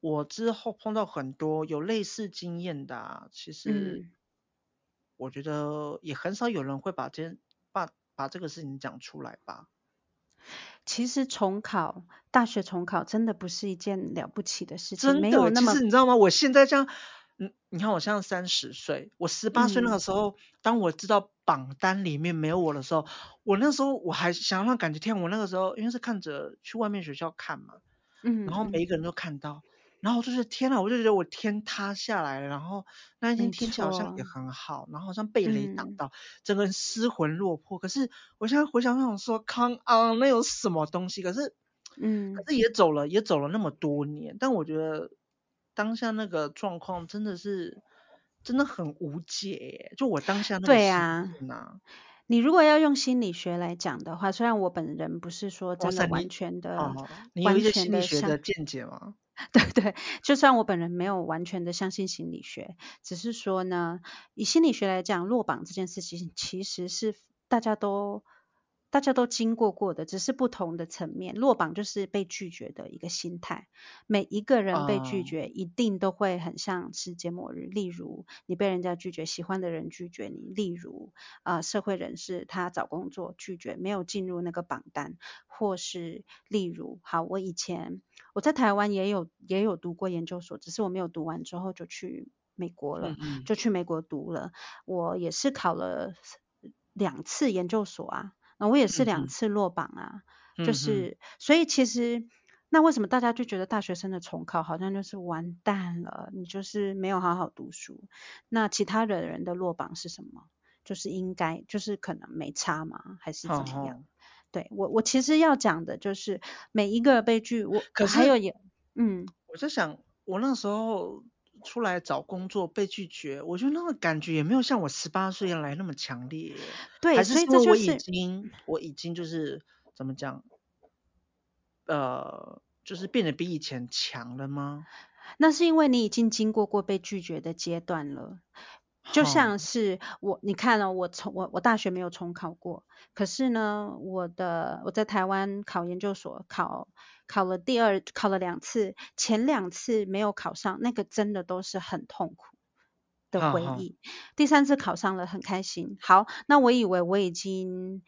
我之後碰到很多有類似經驗的、啊，其實我覺得也很少有人會把這把把這個事情講出來吧。其實
重考，大學重考真的不是一件了不起的事情，真的沒有那麼。你
知道嗎？我現在這樣，嗯，你看我像三十歲，我十八歲那個時候、嗯，當我知道榜單裡面沒有我的時候，我那時候我還想讓感覺天啊，我那個時候因為是看着去外面學校看嘛，嗯，然後每一個人都看到。然後就是天啊，我就覺得我天塌下來了。然後那一天天氣好像也很好，然後好像被雷打到、嗯，整個人失魂落魄。可是我現在回想那種說 Come on，那有什麼東西？可是，嗯，可是也走了，也走了那麼多年。但我覺得當下那個狀況真的是真的很無解。就我當下那個對啊，
你如果要用心理學來講的話，雖然我本人不是說真的完全的，你，好好，你有一些心理學的見
解嗎？對
對，就算我本人沒有完全的相信心理學，只是說呢，以心理學來講，落榜這件事情其實是大家都。大家都經過過的，只是不同的層面。落榜，就是被拒絕的一個心態。每一個人被拒絕，uh... 一定都會很像世界末日。例如，你被人家拒絕，喜歡的人拒絕你；例如，啊、呃，社會人士他找工作拒絕，沒有進入那個榜單，或是例如，好，我以前我在台灣也有也有讀過研究所，只是我沒有讀完之後就去美國了，mm-hmm. 就去美國讀了。我也是考了兩次研究所啊。那、哦、我也是兩次落榜啊、嗯，就是，所以其實，那為什麼大家就覺得大學生的重考好像就是完蛋了？你就是沒有好好讀書。那其他的人的落榜是什麼？就是應該，就是可能沒差嗎？還是怎麼樣？哦哦，對，我我其實要講的就是每一個悲劇我，我可還有也，嗯，
我在想我那時候。出來找工作被拒絕，我覺得那個感覺也沒有像我十八歲來那麼強烈。對，還是說我已經、就是、我已經就是怎麼講？呃，就是變得比以前強了嗎？
那是因為你已經經過過被拒絕的階段了。就像是我，oh. 你看了、哦、我從我我大學沒有重考過，可是呢，我的我在台灣考研究所考考了第二，考了兩次，前兩次沒有考上，那個真的都是很痛苦的回憶。Oh, oh. 第三次考上了，很開心。好，那我以為我已經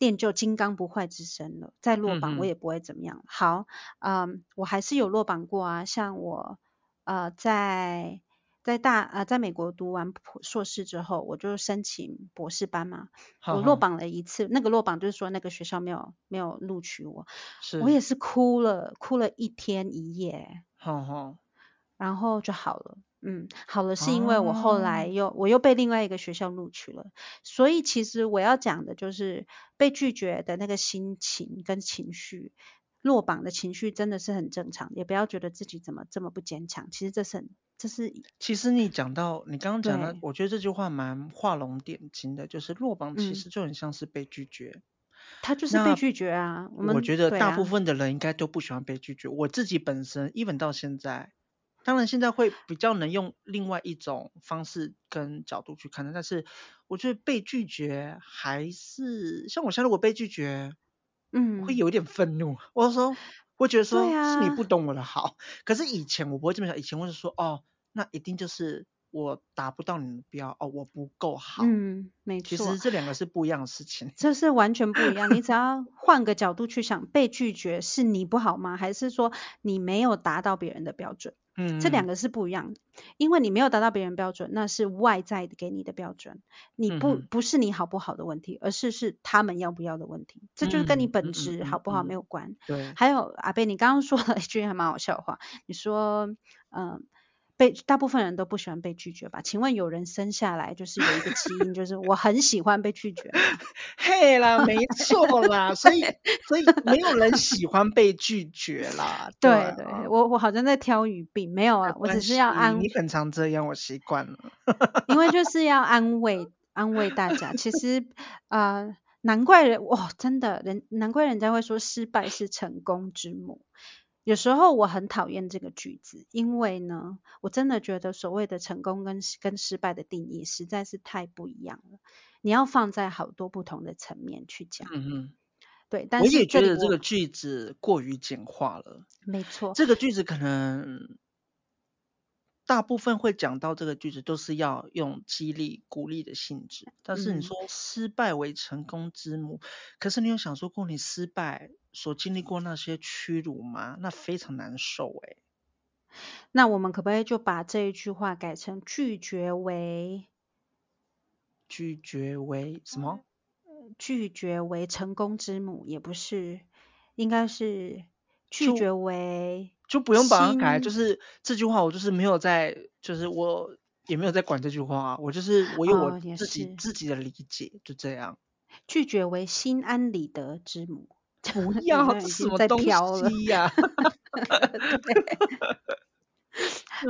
練就金剛不壞之身了，再落榜我也不會怎麼樣、嗯。好，嗯，我還是有落榜過啊，像我呃在。在大啊、呃，在美國讀完碩士之後，我就申請博士班嘛。好，好。我落榜了一次，那個落榜就是說那個學校沒有沒有錄取我。是。我也是哭了，哭了一天一夜。好，好。然後就好了，嗯，好了是因為我後來又、哦、我又被另外一個學校錄取了。所以其實我要講的就是被拒絕的那個心情跟情緒。落榜的情緒真的是很正常，也不要覺得自己怎麼這麼不堅強。其實這是，
這是。其實你講到你剛剛講的，我覺得這句話蠻畫龍點睛的，就是落榜其實就很像是被拒絕。嗯、他就是被拒
絕啊，我們。我覺得大部
分的人應該都不喜歡被拒絕。我、啊、我自己本身 even 到現在，當然現在會比較能用另外一種方式跟角度去看待。但是我覺得被拒絕還是像我現在如果被拒絕。嗯，會有點憤怒。嗯、我說，我覺得說、啊，是你不懂我的好。可是以前我不會這麼想，以前我就說，哦，那一定就是。我達不到你的標哦，我不夠好。嗯，沒錯。其實這兩個是不一樣的事情。
這是完全不一樣。 你只要換個角度去想，被拒絕是你不好嗎？還是說你沒有達到別人的標準？嗯，這兩個是不一樣的。因為你沒有達到別人標準，那是外在給你的標準。你不、嗯、不是你好不好的問題，而是是他們要不要的問題。嗯、這就是跟你本質好不好沒有關。嗯嗯嗯、對。還有阿貝，你剛剛說了一句還蠻好笑話，你說，嗯、呃。被大部分人都不喜歡被拒絕吧？請問有人生下來就是有一個基因，就是我很喜歡被拒絕？嘿、
hey, 啦，沒錯啦， 所
以所以沒有人喜
歡被拒絕啦。 對、啊、對，對，
我我好像在挑語病，沒有啊沒，我只是要安慰。你
很常這樣，我習慣了。
因為就是要安慰安慰大家。其實啊、呃，難怪人哇、哦，真的，人難怪人家會說失敗是成功之母。有時候我很討厭這個句子，因為呢，我真的覺得所謂的成功跟跟失敗的定義實在是太不一樣了。你要放在好多不同的層面去講。嗯嗯，對，但是我，我也覺得這個
句子過於簡化了。沒錯，這個句子可能。大部分會講到這個句子都是要用激勵、鼓勵的性質，但是你說失敗為成功之母，嗯、可是你有想說過你失敗所經歷過那些屈辱嗎？那非常難受哎、欸。
那我們可不可以就把這一句話改成拒絕為？
拒絕為什麼？
呃、拒絕為成功之母也不是，應該是。拒絕為，
就不用把它改，就是這句話我就是沒有在，就是我也沒有在管這句話、啊，我就是我有我自己、哦、自己的理解就這樣。
拒絕為心安理得之母，不要 在了什麼東西呀、啊。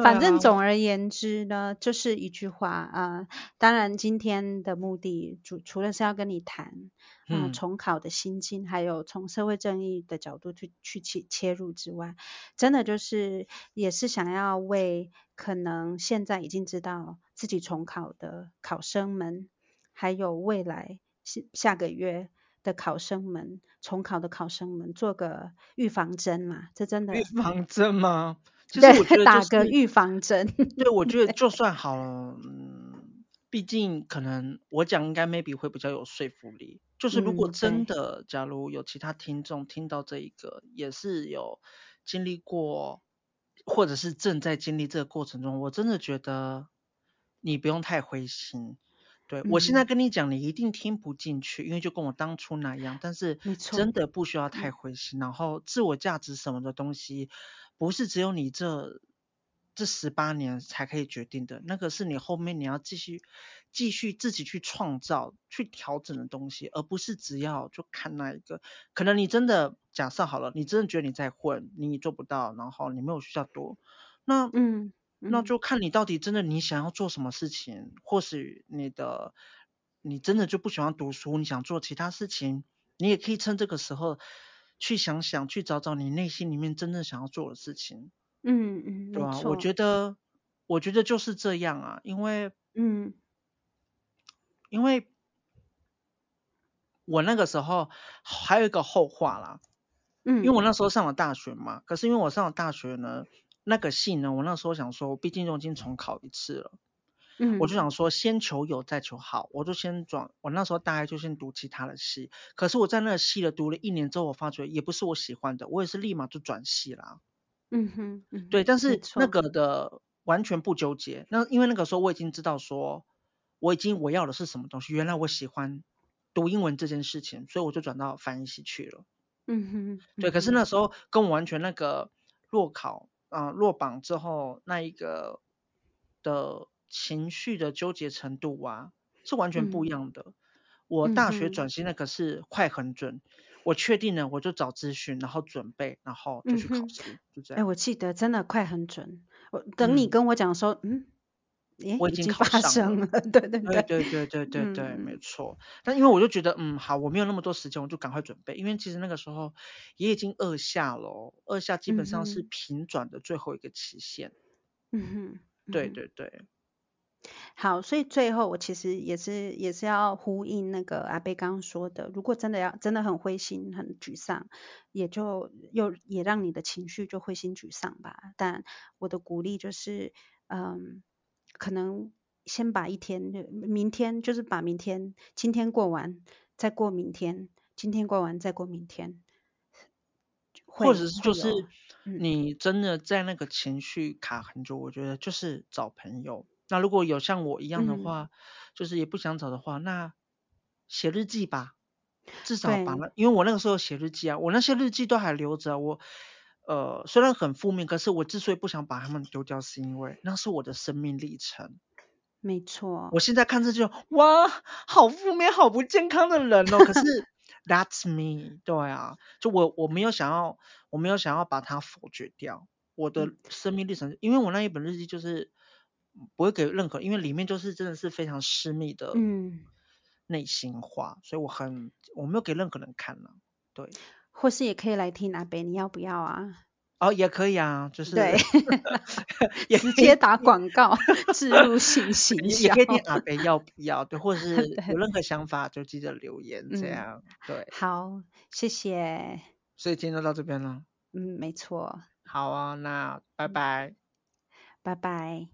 反正總而言之呢，啊、就是一句話啊、呃。當然，今天的目的主除，除了是要跟你談、呃，重考的心境、嗯，還有從社會正義的角度去去切切入之外，真的就是也是想要為可能現在已經知道自己重考的考生們，還有未來下下個月的考生們重考的考生們做個預防針嘛？這真的預防
針嗎？嗯就是我就是，對，打個預防針。對，我覺得就算好了，嗯，畢竟可能我講應該 maybe 會比較有說服力。就是如果真的，嗯、假如有其他聽眾聽到這一個，也是有經歷過，或者是正在經歷這個過程中，我真的覺得你不用太灰心。對，嗯、我現在跟你講，你一定聽不進去，因為就跟我當初那樣。但是真的不需要太灰心，然後自我價值什麼的東西。不是只有你這這十八年才可以決定的，那個是你後面你要繼續繼續自己去創造、去調整的東西，而不是只要就看那一個。可能你真的假設好了，你真的覺得你在混，你做不到，然後你沒有需要多，那嗯、嗯，那就看你到底真的你想要做什麼事情，或許你的你真的就不喜歡讀書，你想做其他事情，你也可以趁這個時候去想想，去找找你內心裡面真正想要做的事情。嗯嗯，
對吧？我覺
得，我覺得就是這樣啊，因為，嗯，因為，我那個時候還有一個後話啦。嗯，因為我那時候上了大學嘛，可是因為我上了大學呢，那個系呢，我那時候想說，我畢竟都已經重考一次了。我就想說，先求有，再求好。我就先轉，我那時候大概就先讀其他的系。可是我在那個系了讀了一年之後，我發覺也不是我喜歡的，我也是立馬就轉系啦，嗯。嗯
哼，
對，但是那個的完全不糾結。那因為那個時候我已經知道說，我已經我要的是什麼東西。原來我喜歡讀英文這件事情，所以我就轉到翻譯系去了，嗯。嗯
哼，
對。可是那時候跟我完全那個落考啊、呃，落榜之後那一個的。情緒的糾結程度啊，是完全不一樣的。嗯、我大學轉系那個是快很準，嗯、我確定了我就找資訊，然後準備，然後就去考試，嗯、就這樣。哎、欸，我
記得真的快很準。我等你跟我講說，
嗯，我已經考上
了 對對對對，對對對對對對對、嗯、
沒錯。但因為我就覺得，嗯，好，我沒有那麼多時間，我就趕快準備。因為其實那個時候也已經二下了，二下基本上是平轉的最後一個期限。嗯
哼，
對對對。
好，所以最後我其實也是也是要呼應那個阿貝剛剛說的，如果真的要真的很灰心很沮喪，也就又也讓你的情緒就灰心沮喪吧。但我的鼓勵就是，嗯，可能先把一天、明天就是把明天、今天過完，再過明天，今天過完再過明天。
或者是就是你真的在那個情緒卡很久，嗯，我覺得就是找朋友。那如果有像我一樣的話，嗯、就是也不想找的話，那寫日記吧，至少把那，因為我那個時候寫日記啊，我那些日記都還留着、啊。我呃雖然很負面，可是我之所以不想把它們丟掉，是因為那是我的生命歷程。沒錯，我現在看着就哇，好負面，好不健康的人哦、喔。可是 that's me，對啊，就我我沒有想要，我沒有想要把它否決掉。我的生命歷程、嗯，因為我那一本日記就是。不會給任何，因為裡面就是真的是非常私密的，
嗯，
內心話，所以我很我沒有給任何人看了，對，
或是也可以來聽阿北，你要不要啊？
哦，也可以啊，就是對， 直接
打廣告置 入
性行銷，也可以聽阿北要不要？對，或是有任何想法就記得留言這樣，對，對對好，謝謝，所以今天就到這邊了，嗯，
沒錯，
好啊，那拜拜，
拜拜。